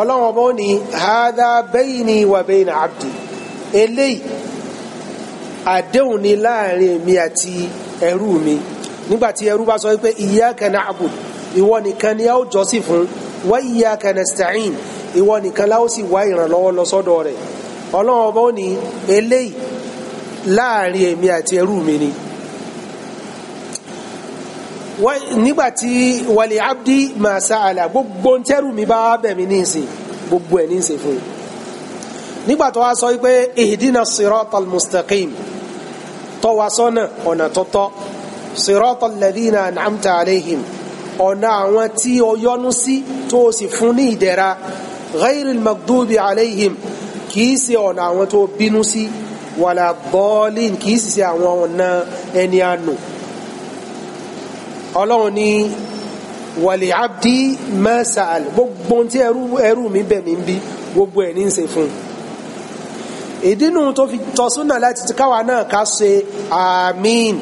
ọlọ́run ọba ó ní hadha bayni wa bayna abdi eléyìí àdéhùn ni láàrin mi àti ẹrú mi nígbà tí ẹrú bá sọ wípé iyyaka na'budu ìwọ nìkan ni a ó jọ́sìn fún wa iyyaka nasta'in ìwọ nìkan la sì wá ìrànlọ́wọ́ lọ sọ́dọ̀ rẹ̀ ọlọ́run ọba ní eléyìí láàrin èmi àti ẹrú mi ni nígbàtí wàlí abdi máa sa'ala gbogbo tẹ́rù mi bá bẹ̀ mí níìsín gbogbo ẹ̀ níìsín fún un nígbà tó wá sọ wípé ihdina siratal mustaqim tó wá sọ́nà ọ̀nà tọ́tọ́ siratal ladina an'amta alayhim ọ̀nà àwọn tí o yọ́nú sí tó sì fún ní ìdẹ̀ra ghayril magdubi alayhim kìí ṣe ọ̀nà àwọn tó bínú sí wàlà bọ́ọ̀lì kìí sì ṣe àwọn ọ̀nà ẹni àánú ọlọ́run ní wàlẹ̀ abdi mẹ́sà àlẹ́ gbogbo tí ẹrú mi bẹ̀ mí bí gbogbo ẹ̀ ní ń ṣe fún un ìdínú tó fi tọ́súnà láti ti káwa náà ká ṣe àmín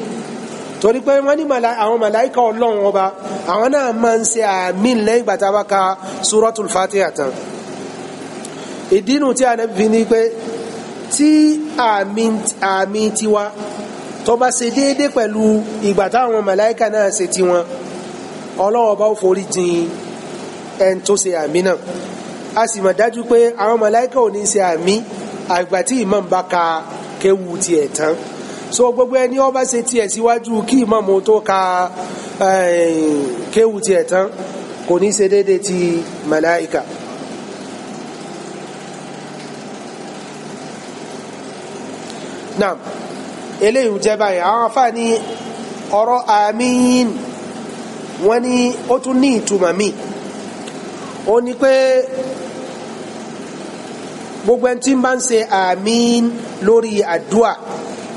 torí pé wọ́n ní àwọn màláìka ọlọ́run ọba àwọn náà máa ń ṣe àmín lẹ́yìn ìgbà tá a bá ka suratul fatiha tán ìdínú tí a fi ní pé tí àmín tiwa tó bá ṣe déédé pẹ̀lú ìgbà táwọn màláíkà náà ṣe ti wọn ọlọ́wọ́ bá ó forí jìn ẹni tó ṣe àmì náà a sì mọ̀ dájú pé àwọn màláíkà ò ní ṣe àmì àgbà tí imam bá ka kéwu tiẹ̀ tán so gbogbo ẹni ó bá ṣe tiẹ̀ síwájú kí imam tó ka eh, kéwu tiẹ̀ tán kò ní ṣe déédé ti màláíkà. Naam eléyìí jẹ́ báyìí àwọn afáà ní ọ̀rọ̀ àmín wọ́n ní ó tún ní ìtumọ̀ míì ó ní pé gbogbo ẹni tí ń bá ń ṣe àmín lórí àdúà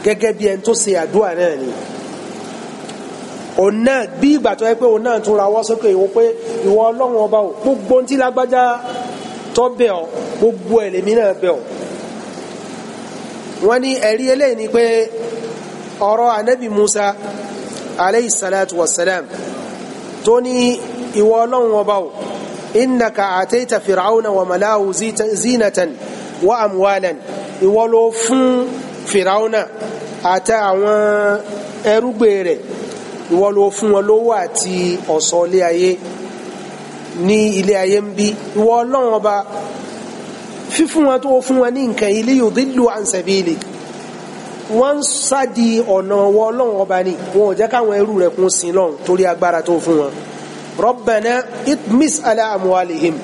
gẹ́gẹ́ bí ẹni tó ṣe àdúà náà ni òun náà bí ìgbà tó yẹ pé òun náà tún rawọ́ sókè ìwọ pé ìwọ ọlọ́run ọba ò gbogbo ohun tí lágbájá tó bẹ̀ ọ́ gbogbo ẹ̀lẹ́mí náà bẹ̀ ọ́ wọ́n ní ẹ̀rí eléyìí ni pé ọ̀rọ̀ anabi musa alayhi salatu wa salam tó ní ìwọ ọlọ́run ọba o innaka àtẹ́ta fir'auna wa malahu zinatan wa amwalan ìwọ ló fún fir'auna àtẹ àwọn ẹrúgbé rẹ̀ ìwọ ló fún wọn lówó àti ọ̀ṣọ́ ilé ayé ní ilé ayé ń bí ìwọ ọlọ́run ọba fífún wọn tó fún wọn ní nǹkan ilé yóò dílù ànsẹ̀bílì wọ́n ń sádi ọ̀nà ọwọ́ ọlọ́run ọba ni wọn ò jẹ́ káwọn ẹrú rẹ̀ kún sí lọ́run torí agbára tó fún wọn rọ́bẹ̀nà itmis ala amualihim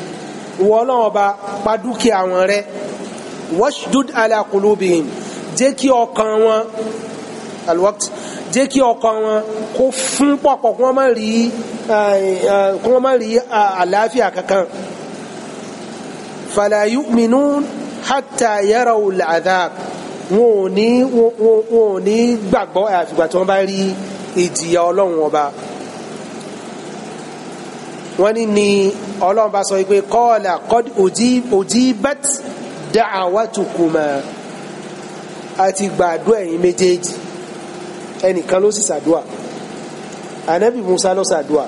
wọ ọlọ́run ọba pa dúkìá wọn rẹ́ washdud ala qulubihim jẹ́ kí ọkàn wọn alwakt jẹ́ kí ọkàn wọn kó fún pọ̀pọ̀ kí wọ́n má rí àlàáfíà kankan fala yu'minun hatta yarawu al-adhab wọn ò ní wọn ò ní gbàgbọ́ àfìgbà tí wọ́n bá rí ìjìyà ọlọ́run ọba wọ́n ní ni ọlọ́run bá sọ pé qala qad ujibat da'awatukuma àti gbàdúrà ẹ̀yin méjèèjì ẹnìkan ló sì sàdúà anabi musa ló sàdúà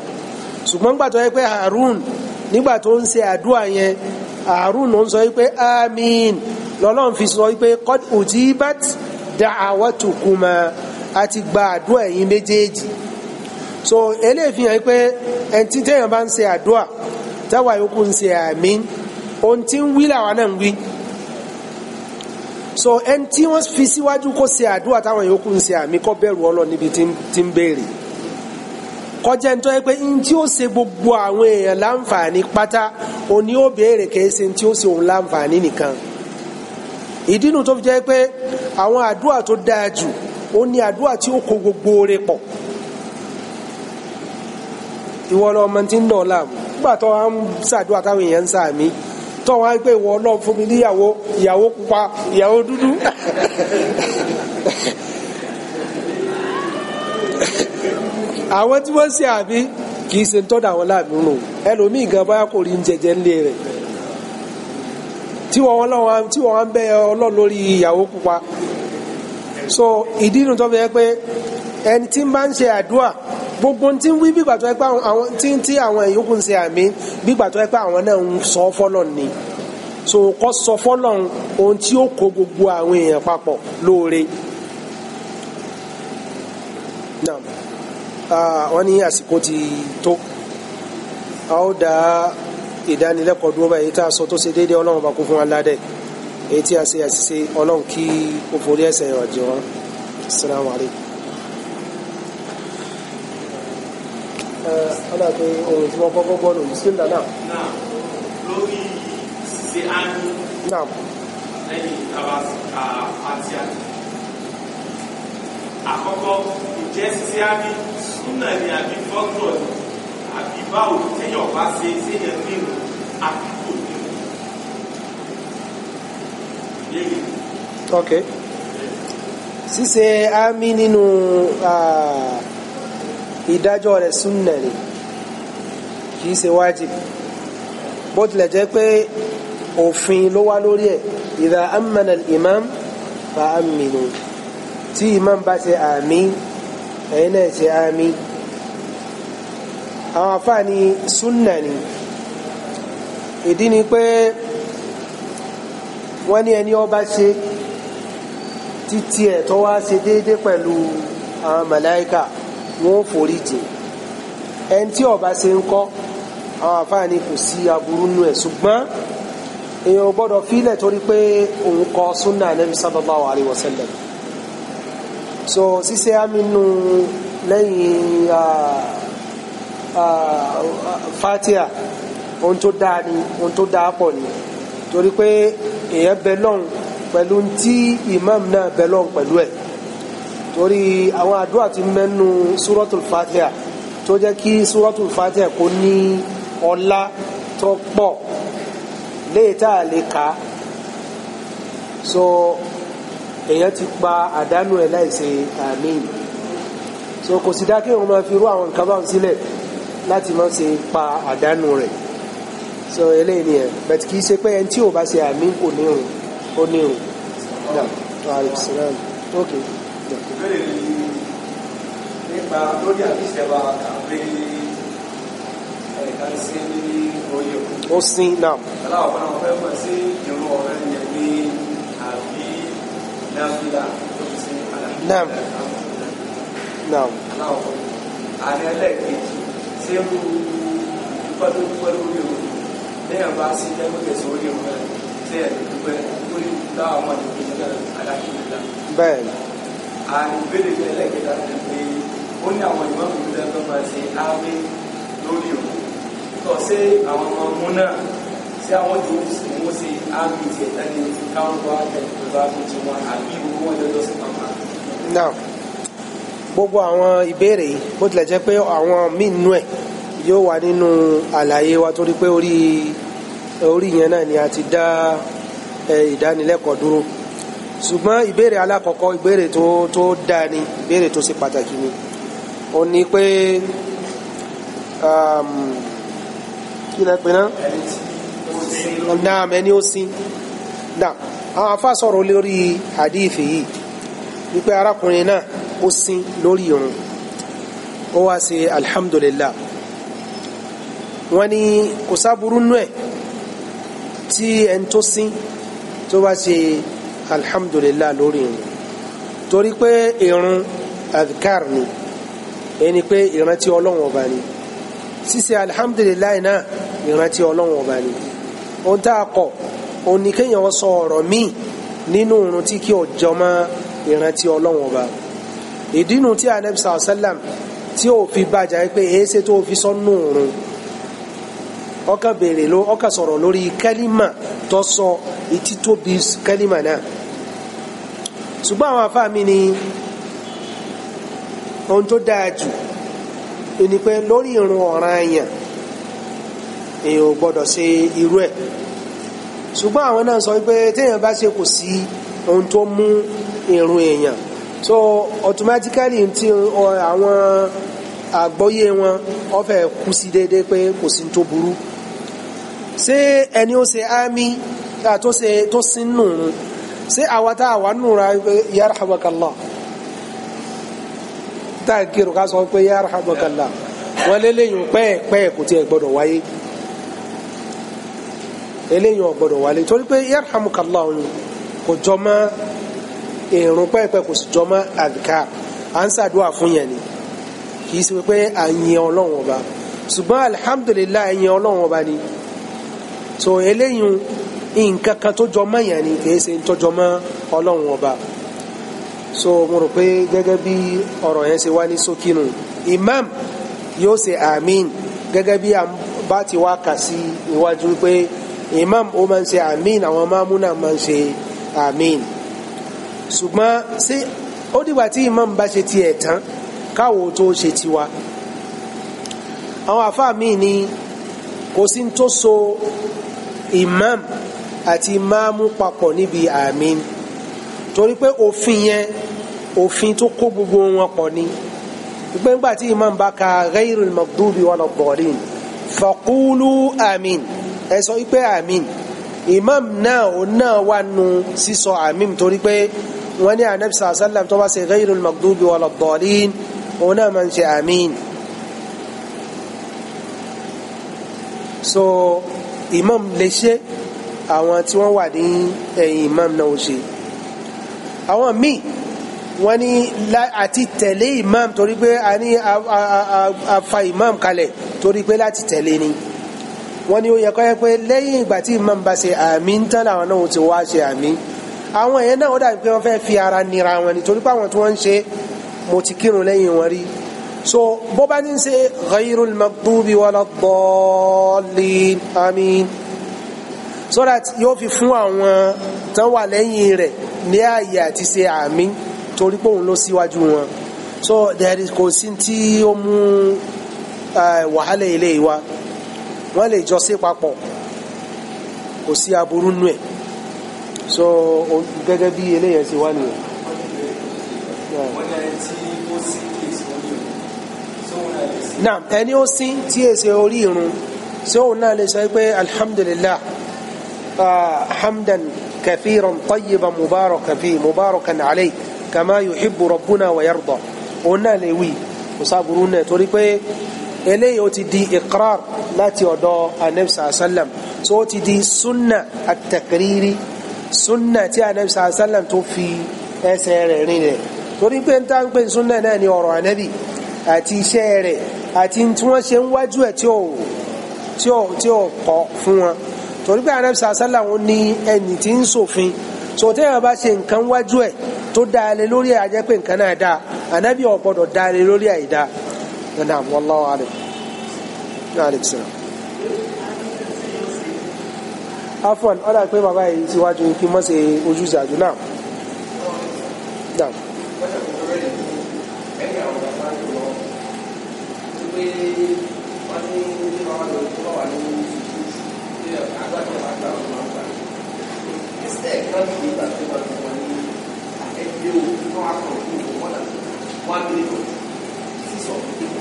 ṣùgbọ́n gbàtọ́ yẹ pé harun nígbà tó ń ṣe àdúà yẹn àrùn ló ń sọ wípé amin lọ́lọ́run fi sọ wípé qad ujibat da'awatukuma àti gba àdúrà ẹ̀yin méjèèjì so eléyìí fi hàn pé ẹ̀ntí téèyàn bá ń ṣe àdúrà táwa yòókù ń ṣe àmín ohun tí ń wí làwa náà ń wí so ẹni tí wọ́n fi síwájú kó ṣe àdúrà táwọn yòókù ń ṣe àmín kó bẹ̀rù Ọlọ́run níbi tí ń béèrè kọjá ń tọ́ yẹ pé n tí ó ṣe gbogbo àwọn èèyàn láǹfààní pátá òní ó béèrè kìí ṣe n tí ó ṣe òun láǹfààní nìkan ìdínú tó fi jẹ́ pé àwọn àdúrà tó dáa jù ó ní àdúrà tí ó kó gbogbo oore pọ̀ ìwọ ọlọmọ tí ń dọ̀ láàmú nígbà tó wá ń ṣàdúrà táwọn èèyàn ń sàmí tó wá ń pè wọ ọlọ́run fún mi níyàwó ìyàwó pupa ìyàwó dúdú àwọn tí wọ́n ṣe àbí kì í ṣe tọ́dà wọn láàbí rò ẹlòmíì gan báyà kò rí jẹjẹ ńlé rẹ̀ tí wọ́n lọ́wọ́ tí wọ́n ń bẹ ọlọ́run lórí ìyàwó pupa so ìdí inú tó fi yẹ pé ẹni tí ń bá ń ṣe àdúrà gbogbo tí ń wí bí gbàtọ́ pé àwọn tí tí àwọn ìyókù ń ṣe àmì bí gbàtọ́ pé àwọn náà ń sọ fọ́lọ̀ ni so kọ́ sọ fọ́lọ̀ ohun tí ó kó gbogbo àwọn èèyàn papọ̀ lóore Ah, wọ́n ní àsìkò ti tó a ó dá ìdánilẹ́kọ̀ọ́ dúró báyìí tá a sọ tó ṣe déédéé ọlọ́run bá kó fún wa ládẹ́ èyí tí a ṣe àṣìṣe ọlọ́run kí ó forí ẹ̀ṣẹ̀ ọ̀jẹ̀ wọn assalamu alaikum. Eh, ọ̀dà pé ohun tí wọ́n kọ́kọ́ gbọ́ lòdì sí ìlànà. lórí ṣe á ní. náà. lẹ́yìn àbá ah, àti àti àkọ́kọ́ ìjẹ́ ṣiṣẹ́ àbí súnà ni àbí fọ́tọ̀ ni àbí báwo téèyàn bá ṣe séèyàn nínú àbí kò nínú. ok ṣíṣe àmì nínú ìdájọ́ rẹ̀ súnà ni kìí ṣe wájib bó tilẹ̀ jẹ́ pé òfin ló wá lórí ẹ̀ ìdá ammanal imam fa aminu tí imam bá ṣe àmì ẹ̀yin náà ṣe àmì àwọn àfáà ni súnà ni ìdí ni pé wọ́n ní ẹni ọba ṣe títí ẹ̀ tó wá ṣe déédé pẹ̀lú àwọn màláíkà wọ́n forí jìn ẹni tí ọba ṣe ń kọ́ àwọn àfáà ni kò sí aburú nù ẹ̀ ṣùgbọ́n èèyàn gbọ́dọ̀ fílẹ̀ torí pé òun kọ súnà Ànábì sallallahu alaihi wasallam so ṣíṣe aminu lẹ́yìn fatia ohun tó dáa ni ohun tó dáa pọ̀ ni torí pé èèyàn bẹ lọ́hùn pẹ̀lú tí imam náà bẹ lọ́hùn pẹ̀lú ẹ̀ torí àwọn àdúrà ti mẹ́nu suratul fatia tó jẹ́ kí suratul fatia kó ní ọlá tó pọ̀ léè lè kà so èèyàn ti pa àdánù ẹ̀ láìṣe àmín so kò sì dákẹ́ òun máa fi rú àwọn nǹkan báwọn sílẹ̀ láti má ṣe pa àdánù rẹ̀ so eléyìí ni ẹ̀ bẹ̀tì kì í ṣe pé ẹni tí ò bá ṣe àmín kò ní òun ó ní òun náà alexander ok. ìbéèrè mi nípa lórí àbíṣẹ́wà kàwé ẹ̀ka sí oyè. ó sin náà. aláwọ̀ kan náà fẹ́ mọ̀ sí irun ọ̀rẹ́ yẹn ní náfìlà tó fi sí aláàbò náà àmì ẹlẹ́ẹ̀kejì tí ó rú dúpẹ́ tó dúpẹ́ lórí òun lẹ́yìn bá sí lẹ́gbẹ̀ẹ́ sórí òun rẹ̀ tí ẹ̀ lè dúpẹ́ lórí táwọn ọmọ ìlú ìjọba aláàbò bẹ́ẹ̀ àmì ìbéèrè ní ẹlẹ́ẹ̀kẹta ti pé ó ní àwọn ìmọ̀ ìlú lẹ́gbẹ̀ẹ́ bá ṣe áwé lórí òun tọ́ sí àwọn ọmọ náà sai a wanda wasu su nemo sai an bi ce dan ne su kawo ba da za su ci wọn àbí owó wọn lọ́dọ̀ sí mama. now gbogbo àwọn ìbéèrè yìí bó tilẹ̀ jẹ́ pé àwọn míì nú ẹ̀ yóò wà nínú àlàyé wa torí pé orí orí yẹn náà ni a ti dá ìdánilẹ́kọ̀ọ́ dúró ṣùgbọ́n ìbéèrè alákọ̀ọ́kọ́ ìbéèrè tó tó dáa ni ìbéèrè tó ṣe pàtàkì ni ó ní pé um, kí ni a pè náà náà mẹ́ni ó sin náà àwọn afá sọ̀rọ̀ lórí àdífì yìí wípé arákùnrin náà ó sin lórí irun ó wá ṣe alhamdulillah wọ́n ní kò sáburú nú ẹ̀ tí ẹni tó sin tó bá ṣe alhamdulillah lórí irun torí pé irun adhkar ni ẹni pé ìrántí ọlọ́run ọba ni ṣíṣe alhamdulillah náà ìrántí ọlọ́run ọba ni ohun tá a kọ̀ òun ni kéèyàn sọ ọ̀rọ̀ míì nínú irun tí kí ọjọ́ mọ́ ìrántí ọlọ́run ọba ìdínú tí anabi sàlọ sálàm tí ò fi bàjá pé èéṣe tó fi sọnù irun ọkàn béèrè ló ọkàn sọ̀rọ̀ lórí kẹ́límà tó sọ ìtí tóbi kẹ́límà náà ṣùgbọ́n àwọn afá ni ohun tó dáa jù ni pé lórí irun ọ̀ranyàn èyàn ò gbọ́dọ̀ ṣe irú ẹ̀ ṣùgbọ́n àwọn náà sọ pé téèyàn bá ṣe kò sí ohun tó mú irun èèyàn so automatically ti àwọn àgbọ́yé wọn ó fẹ́ kú sí déédéé pé kò sí tó burú ṣé ẹni ó ṣe ámì tó ṣe tó sí nù ṣé àwa tá àwa nù ra yarhamukallah tá a kírun ká sọ pé yarhamukallah wọn lélẹyìn pẹ́ẹ̀pẹ́ẹ̀ kò tiẹ̀ gbọ́dọ̀ wáyé eléyìí ò gbọ́dọ̀ wálé torí pé yarhamukallahu kò jọ mọ́ ìrun pẹ́ẹ́pẹ́ kò sì jọ mọ́ àdìkà à ń ṣàdúrà fún yẹn ni kì í pé à ń yin ọlọ́run ọba ṣùgbọ́n alhamdulillah ẹ̀yin ọlọ́run ọba ni so eléyìí nǹkan kan tó jọ mọ́ yẹn ni kì í ṣe tó jọ mọ́ ọba so mo rò pé gẹ́gẹ́ bí ọ̀rọ̀ yẹn ṣe wá ní sókínù imam yóò ṣe àmín gẹ́gẹ́ bí bá ti wá kà sí iwájú pé imam ó máa ń ṣe àmín àwọn máàmú náà máa ń ṣe àmín ṣùgbọ́n ṣé ó dìgbà tí imam bá ṣe tiẹ̀ tán káwo tó ṣe tiwa àwọn àfáà míì ni kò sí tó so imam àti máàmú papọ̀ níbi àmín torí pé òfin yẹn òfin tó kó gbogbo wọn pọ̀ ni pé ńgbà tí imam bá ka ghayril magdubi wala ddallin faqulu àmín ẹ sọ wípé àmín imam náà òun náà wà nù sísọ àmín torí pé wọ́n ní anabi sàlám tó bá ṣe ghayril magdubi wala ddalin òun náà máa ń ṣe àmín. so imam lè ṣe àwọn tí wọ́n wà ní ẹ̀yìn imam náà ó ṣe àwọn míì wọ́n ní àti tẹ̀lé imam torí pé a ní afa imam kalẹ̀ torí pé láti tẹ̀lé ni wọ́n ní ó yẹ kó pé lẹ́yìn ìgbà tí imam bá ṣe àmín tán làwọn náà ti wá ṣe àmín àwọn èèyàn náà ó dàbí pé wọ́n fẹ́ fi ara nira wọn nítorí pé àwọn tí wọ́n ń ṣe mo ti kírun lẹ́yìn wọn rí so bó bá ní ṣe ghayrul maghdubi waladdallin àmín so that yóò fi fún àwọn tán wà lẹ́yìn rẹ̀ ní ààyè àti ṣe àmín torí pé òun ló síwájú wọn so there is kò sí tí ó mú eh, wàhálà ilé wa wọ́n lè jọ ṣe papọ̀ kò sí aburú nù ẹ̀ so gẹ́gẹ́ bí eléyẹn ṣe wá nìyẹn. naam ẹni ó sín tí èsè orí irun ṣé òun náà lè sọ pé alhamdulillah ah, hamdan kathiran tayyiban mubarakan fi mubarakan alayhi kama yuhibbu rabbuna wa yarda òun náà lè wí kò sáburú nù torí pé eléyìí ó ti di iqrar láti ọ̀dọ̀ anabi sàlám tó ó ti di sunna àtẹkìrìrì sunna tí anabi sàlám tó fi ẹsẹ̀ rẹ̀ rìn rẹ̀ torí pé ń tá ń pè sunna náà ni ọ̀rọ̀ anabi àti iṣẹ́ rẹ̀ àti tí wọ́n ṣe ń wájú ẹ̀ tí ò tí ò tí ò kọ́ fún wọn torí pé anabi sàlám ó ní ẹni tí ń ṣòfin so téèyàn bá ṣe nǹkan wájú ẹ̀ tó dáa lórí àjẹpé nǹkan náà dáa anabi ò dáa lórí àìdáa. نعم والله أعلم عليك السلام عفوا أنا أقول بابا يسواجه كما سيوجوز عجو نعم نعم One minute,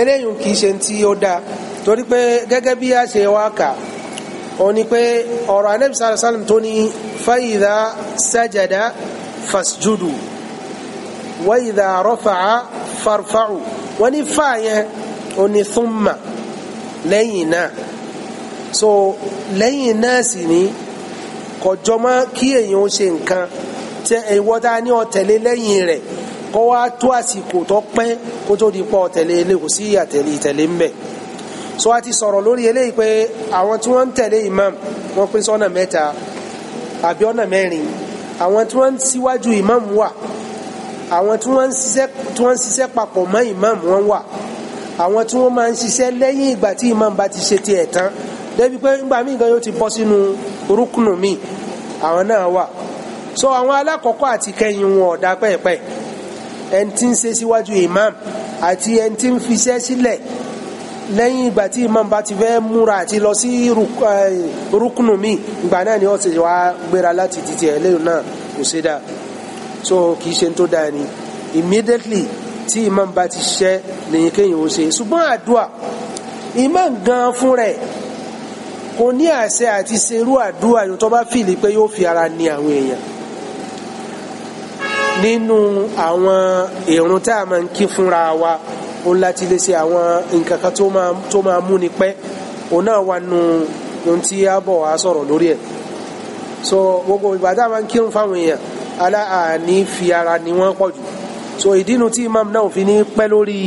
eléyìí kì í ṣe tí ó dáa torí pé gẹ́gẹ́ bí a ṣe wá kà ó ní pé ọ̀rọ̀ anabi sallallahu alayhi wa sallam tó ní fayida sajada fasjudu wayida rọfa'a farfa'u wọ́n ní fa ó ní thumma lẹ́yìn náà so lẹ́yìn náà sì ni kọjọ́ mọ́ kí èèyàn ṣe nǹkan tẹ ìwọ́ta ní ó lẹ́yìn rẹ̀ kó wá tó àsìkò tó pẹ́ kó tó di pọ̀ tẹ̀lé ilé kò sí àtẹ̀lé ìtẹ̀lé ń bẹ̀ so a ti sọ̀rọ̀ lórí eléyìí pé àwọn tí wọ́n ń tẹ̀lé imam wọ́n pín sọ́nà mẹ́ta àbí ọ̀nà mẹ́rin àwọn tí wọ́n ń síwájú imam wà àwọn tí wọ́n ń ṣiṣẹ́ papọ̀ mọ́ imam wọn wà àwọn tí wọ́n máa ń ṣiṣẹ́ lẹ́yìn ìgbà tí imam bá ti ṣe tiẹ̀ tán débi pé nígbà míì gan yóò ti bọ́ sínú rúkùnù míì àwọn náà wà so àwọn alákọ̀ọ́kọ́ àti kẹ́yìn wọn ọ̀dà pẹ́ẹ́pẹ́ẹ́ ẹni tí ń ṣe síwájú imam àti ẹni tí ń fiṣẹ́ sílẹ̀ lẹ́yìn ìgbà tí imam bá ti fẹ́ múra àti lọ sí rúkùnù mi ìgbà náà ni ó ṣe wá gbéra láti títí ẹ̀ náà kò ṣe dáa so kì í ṣe tó dáa ni immediately tí imam bá ti ṣiṣẹ́ lẹ́yìn kéèyàn ó ṣe ṣùgbọ́n àdúà imam gan fún rẹ̀ kò ní àṣẹ àti ṣerú àdúà yóò tó bá fìlì pé yóò fi ara ni àwọn èèyàn nínú àwọn ìrun tá a máa ń kí fúnra wa ó láti lè ṣe àwọn nǹkan kan tó máa mú ni pẹ́ òun náà wà nù ohun tí a bọ̀ wá sọ̀rọ̀ lórí ẹ̀ so gbogbo ìgbà tá a máa ń kírun fáwọn èèyàn aláàní fi ara ni wọ́n pọ̀ jù so ìdínú tí imam náà fi ní pẹ́ lórí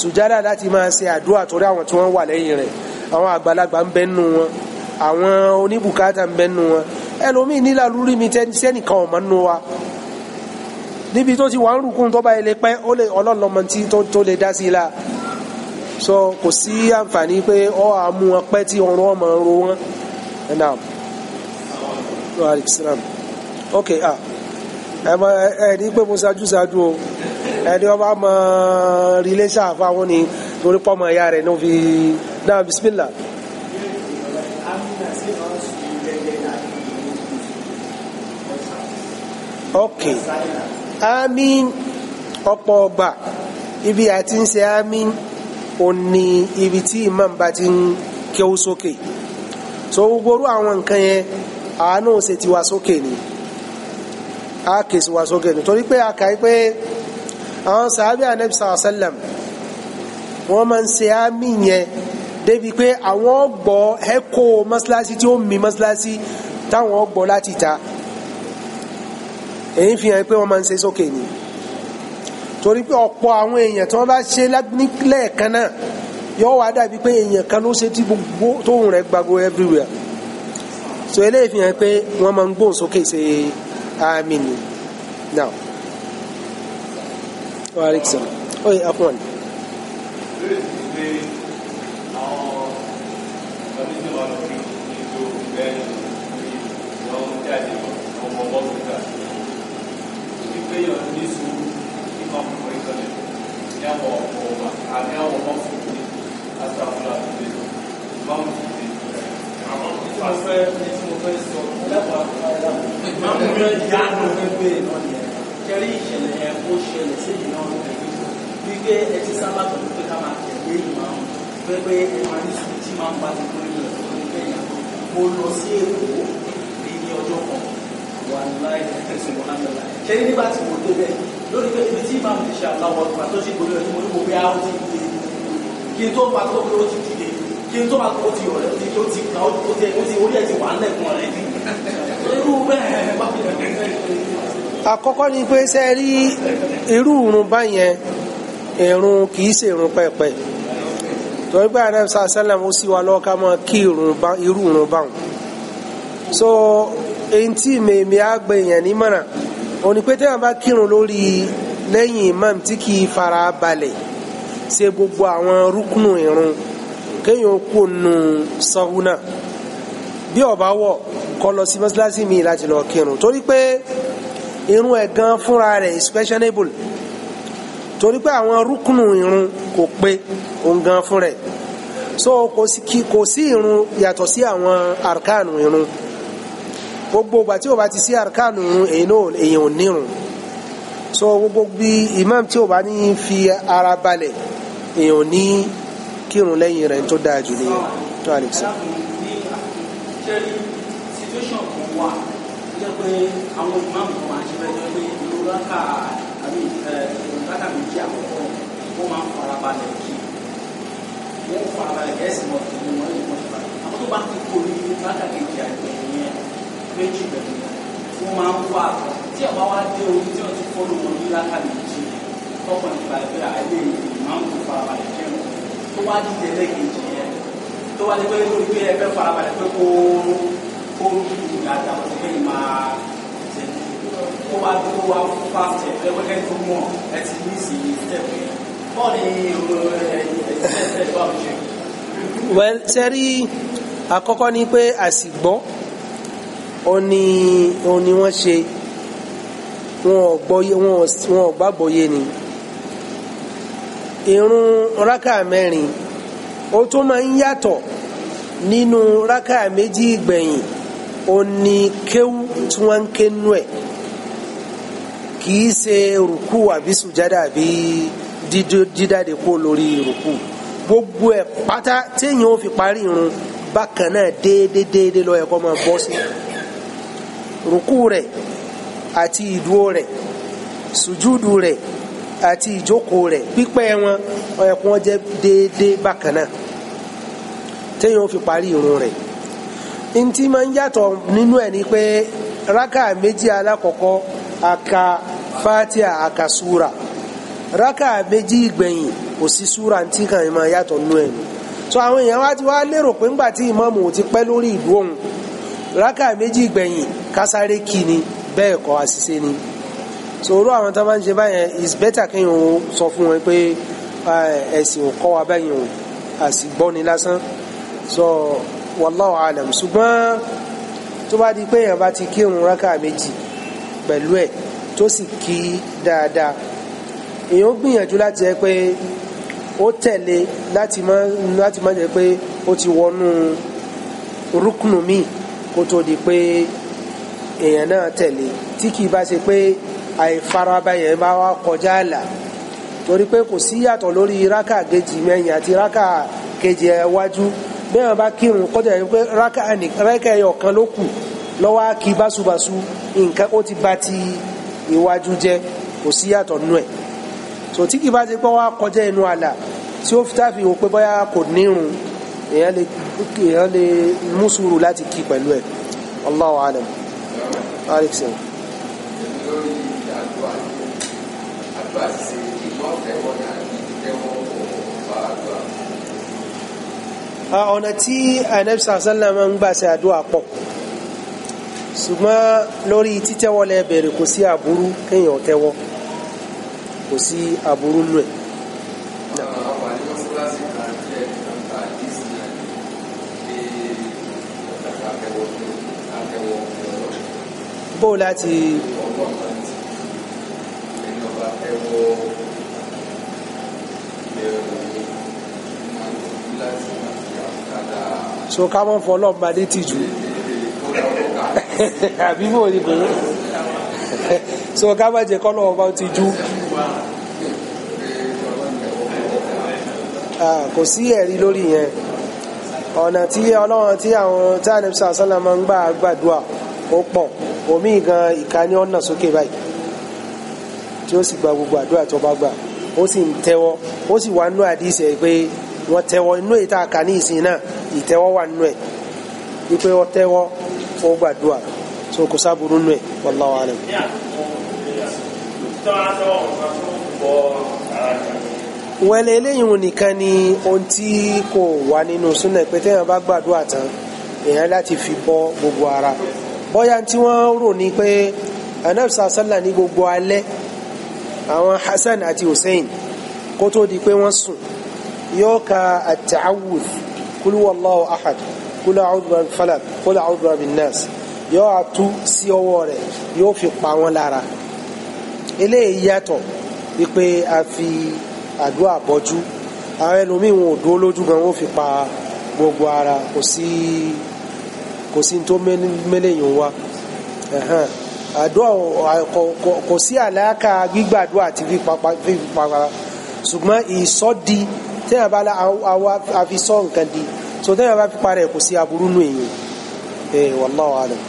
sùjádà láti máa ṣe àdúrà torí àwọn tí wọ́n wà lẹ́yìn rẹ̀ àwọn àgbàlagbà ń bẹ nù wọn àwọn oníbùkátà ń bẹ nù wọn ẹlòmíì nílà lórí mi sẹ́nìkan ọ̀mọ́ wa níbi tó ti wà ń rùkún tó bá ilé pẹ́ ó lè ọlọ́lọ́mọ tí tó lè dá sí i la so kò sí àǹfààní pé ọ àmú wọn pẹ́ tí ọrùn ọmọ ro wọn ẹ̀nà no alexander ok ah ẹ̀mọ ẹ̀ẹ́dí pé mo ṣáájú ṣáájú o ẹ̀ẹ́dí ọba mọ rìlẹ́ṣà fáwọn ni torí pọ́ mọ ẹ̀yà rẹ̀ náà fi náà bismillah. ok. okay. Amin, ọ̀pọ̀ ọgbà ibi àti ń ṣe àmín ò ní ibi tí imam bá ti ń kéwú sókè so gbogbo àwọn nǹkan yẹn àánú ṣe ti wá sókè ni a kè sí wá sókè ni torí pé a kà í pé àwọn sàábì anabi sàlẹm wọ́n máa ń ṣe àmín yẹn débi pé àwọn gbọ́ ẹ̀kọ́ mọ́sálásí tí ó mi mọ́sálásí táwọn gbọ́ láti ta èyí fi hàn pé wọ́n máa ń ṣe sókè ni torí pé ọ̀pọ̀ àwọn èèyàn tí wọ́n bá ṣe lẹ́ẹ̀kan náà yóò wá dàbí pé èèyàn kan ló ṣe tí gbogbo tóun rẹ̀ gbàgbó everywhere so eléyìí fi hàn pé wọ́n máa ń gbóhùn sókè ṣe àmì ni now wa aleykum salaam oye afwan. Thank you kéèyàn ní sùúrù nípa ọkùnrin ìtọ́lẹ̀ ní àwọn ọ̀pọ̀ ọba àní àwọn ọmọ fòkè látàkùnlá tóbi máa ń fòkè. àwọn tí mo fẹ́ ní tí mo fẹ́ sọ lẹ́wọ̀n àkọ́kọ́ máa ń gbé yáàdùn gbégbé náà yẹn kẹrí ìṣẹ̀lẹ̀ yẹn kó ṣẹlẹ̀ sí ìná ọ̀rẹ́ ṣe ní bá ti wò débẹ̀ lórí pé ibi tí ìmáàmù ti ṣe àláwọ̀ ọ̀gbà tó ṣe gbòòrò ẹni mo ní mo bí àwọn ti dìde kí n tó máa tó pé ó ti dìde kí n tó máa tó ti ọ̀rẹ́ ti ó ti kà ó ti ó ti orí ẹ̀ ti wà á lẹ̀kùn rẹ̀ ni irú bẹ́ẹ̀ bá fi lẹ̀kùn rẹ̀ àkọ́kọ́ ni pé ṣe rí irú ìrun báyẹn ìrun kì í ṣe ìrun pẹ̀pẹ̀ torí pé àrẹ sàṣẹlẹm ó sì wà lọ́wọ́ ká máa kí irú ìrun báwọn so eyín tí mèmí á gbé yẹn nímọ̀ràn òun ni pé téèyàn bá kírun lórí lẹ́yìn imam tí kì í fara balẹ̀ ṣe gbogbo àwọn rúkúnù irun kéèyàn kú nù sanwó náà bí ó bá wọ̀ kó lọ sí mọ́sálásí mi láti lọ kírun torí pé irun ẹ̀ gan fúnra rẹ̀ is questionable torí pé àwọn rúkúnù irun kò pé òun gan fúnra rẹ̀ so kò sí irun yàtọ̀ sí àwọn arkanu irun gbogbo ìgbà tí o bá ti sí àrkánu èèyàn ò nírun so gbogbo bí imam tí o bá ní fi ara balẹ̀ èèyàn ò ní kírun lẹ́yìn rẹ̀ tó dáa jù nìyẹn tó àlèkùsà. imam kan máa ń ṣe bẹ́ẹ̀ jẹ́ pé ìlú rákà àbí rákà méjì àkọ́kọ́ wọ́n máa ń farabalẹ̀ kí ní wọ́n lè mọ̀ ṣe àwọn tó bá ti kórìí rákà kejì àgbẹ̀ yẹn méjì pẹ̀lú wọ́n máa ń wá àtọ̀ tí àwọn wá dé orí tí wọ́n ti fọ́lọ́ wọn ní láká méjì tọ́pọ̀ nípa ẹgbẹ́ àìlè ìmáàmù tó farabalẹ̀ kẹ́rùn tó wá dìde lẹ́gẹ̀ẹ́jì yẹn tó wá dé pé lórí pé ẹgbẹ́ farabalẹ̀ pé kó kó rúdú dáadáa wọ́n ti fẹ́ máa tẹ̀ kó wá dé kó wá fún fáfitì ẹgbẹ́ wẹ́kẹ́ tó mọ̀ ẹ ti ní ìsìn tẹ̀wé bọ́ọ̀lì ẹ̀ẹ́dẹ̀ẹ́dẹ̀ bá mi ṣe. wẹ́n sẹ́rí àkọ́kọ́ ni pé àsìgbọ́ oni oni wọ́n ṣe wọn ò gbọ́yé wọn ò gbàgbọ́yé ni irun rákà mẹ́rin ó tún máa ń yàtọ̀ nínú rákà méjì gbẹ̀yìn òní kéwú tí wọ́n ń ké nú ẹ̀ kìí ṣe rùkú àbí sùjádà àbí dídáde kó lórí rùkú gbogbo ẹ̀ pátá téèyàn ó fi parí irun bákan náà déédéé déédéé ló yẹ kó máa bọ́ sí. Si rùkú rẹ̀ àti ìdúró rẹ̀ sùjúdù rẹ̀ àti ìjókòó rẹ̀ pípẹ́ wọn ó yẹ kó wọ́n jẹ́ déédéé bákan náà téèyàn fi parí irun rẹ̀ ntí máa ń yàtọ̀ nínú ẹ̀ ni pé Raka méjì alákọ̀ọ́kọ́ aka fatia aka súra rákà méjì ìgbẹ̀yìn kò sí súra ntí kan máa yàtọ̀ nínú ẹ̀ ni so àwọn èèyàn wá ti wá lérò pé ńgbà tí ìmáàmù ti pẹ́ lórí ìdúró òun rákà méjì ìgbẹ̀yìn kásáré kì ni bẹ́ẹ̀ kọ́ àṣìṣe ni sòrò àwọn tó bá ń ṣe báyẹn is better kí n ò sọ fún wọn pé ah, ẹ̀sìn ò kọ́ wa báyìí o àṣìgbọ́ni lásán so wallahu alam ṣùgbọ́n tó bá di pé èèyàn bá ti kírun rákà méjì pẹ̀lú ẹ̀ tó sì kí dáadáa èèyàn gbìyànjú láti jẹ́ pé ó tẹ̀lé láti má láti má jẹ́ pé ó ti wọnú rúkùnù míì kó tó di pé èèyàn náà tẹ̀lé tí kì í bá ṣe pé àìfaraba yẹn bá wá kọjá àlà torí pé kò sí yàtọ̀ lórí rákà kejì mẹ́yìn àti rákà kejì ẹwájú bẹ́ẹ̀ bá kírun kọjá yẹn pé rákà ẹyọ kan ló kù lọ́wọ́ kí báṣubàṣu nǹkan ó ti bá ti iwájú jẹ́ kò sí yàtọ̀ nú ẹ̀ so tí kì í bá ṣe pé wá kọjá inú àlà tí ó fi táfi wò pé bóyá kò nírun èèyàn lè mú sùúrù láti kí pẹ̀lú ẹ̀ Allahu alam. Alexson. lórí ah, àdúrà àdúrà ṣe ìmọ̀ tẹ́wọ́ náà tẹ́wọ́ bá àdúrà. ọ̀nà tí anabi sàlẹ̀ máa ń gbà ṣe àdúrà pọ̀ ṣùgbọ́n lórí títẹ́wọ́ bẹ̀rẹ̀ kò sí àbúrú kéèyàn tẹ́wọ́ kò sí àbúrú nù bó láti so ká mọ́ fọlọ́ ọba ní tìjú àbí bò ní bò so ká má jẹ kọ́lọ́ ọba tìjú kò sí ẹ̀rí lórí yẹn ọ̀nà tí ọlọ́run tí àwọn tí àníbísà sọ́lá máa ń gbà gbàdúrà ó pọ̀ omi gan ika ní ọ̀nà sókè báyìí tí ó sì gba gbogbo àdúrà tó bá gbà ó sì ń tẹ́wọ́ ó sì wà nínú àdíṣẹ́ pé wọ́n tẹ́wọ́ inú èyí tá a kà ní ìsìn náà ìtẹ́wọ́ wà nínú ẹ̀ wípé wọ́n tẹ́wọ́ ó gbàdúrà tó kò sábúrú ẹ̀ eléyìí nìkan ni ohun tí kò wà nínú súnà pé téèyàn bá gbàdúrà tán èèyàn láti fi bo gbogbo ara. bóyá tí wọ́n rò ní pé anabi sàlá ní gbogbo alẹ́ àwọn Hasan àti Hussein kó tó di pé wọ́n sùn yóò ka at-ta'awudh kul huwallahu ahad kul a'udhu birabbil falaq kul a'udhu birabbin nas yóò atú sí ọwọ́ rẹ̀ yóò fi pa wọ́n lára eléyìí yàtọ̀ wípé a fi àdúrà bọ́jú àwọn ẹlòmíì ò dúró lójú gan wọ́n fi pa gbogbo ara kò sí kò sí tó mẹ́lẹ́yìn wa kò sí àlàkà gbígbàdúrà àti fífipapara ṣùgbọ́n ìsọ́di tẹ́yà bá àwa àfi sọ nǹkan di so tẹ́yà bá fipá rẹ̀ kò sí aburú nù èyí eh, wallahu alam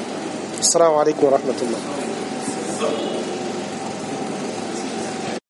assalamu alaikum warahmatullah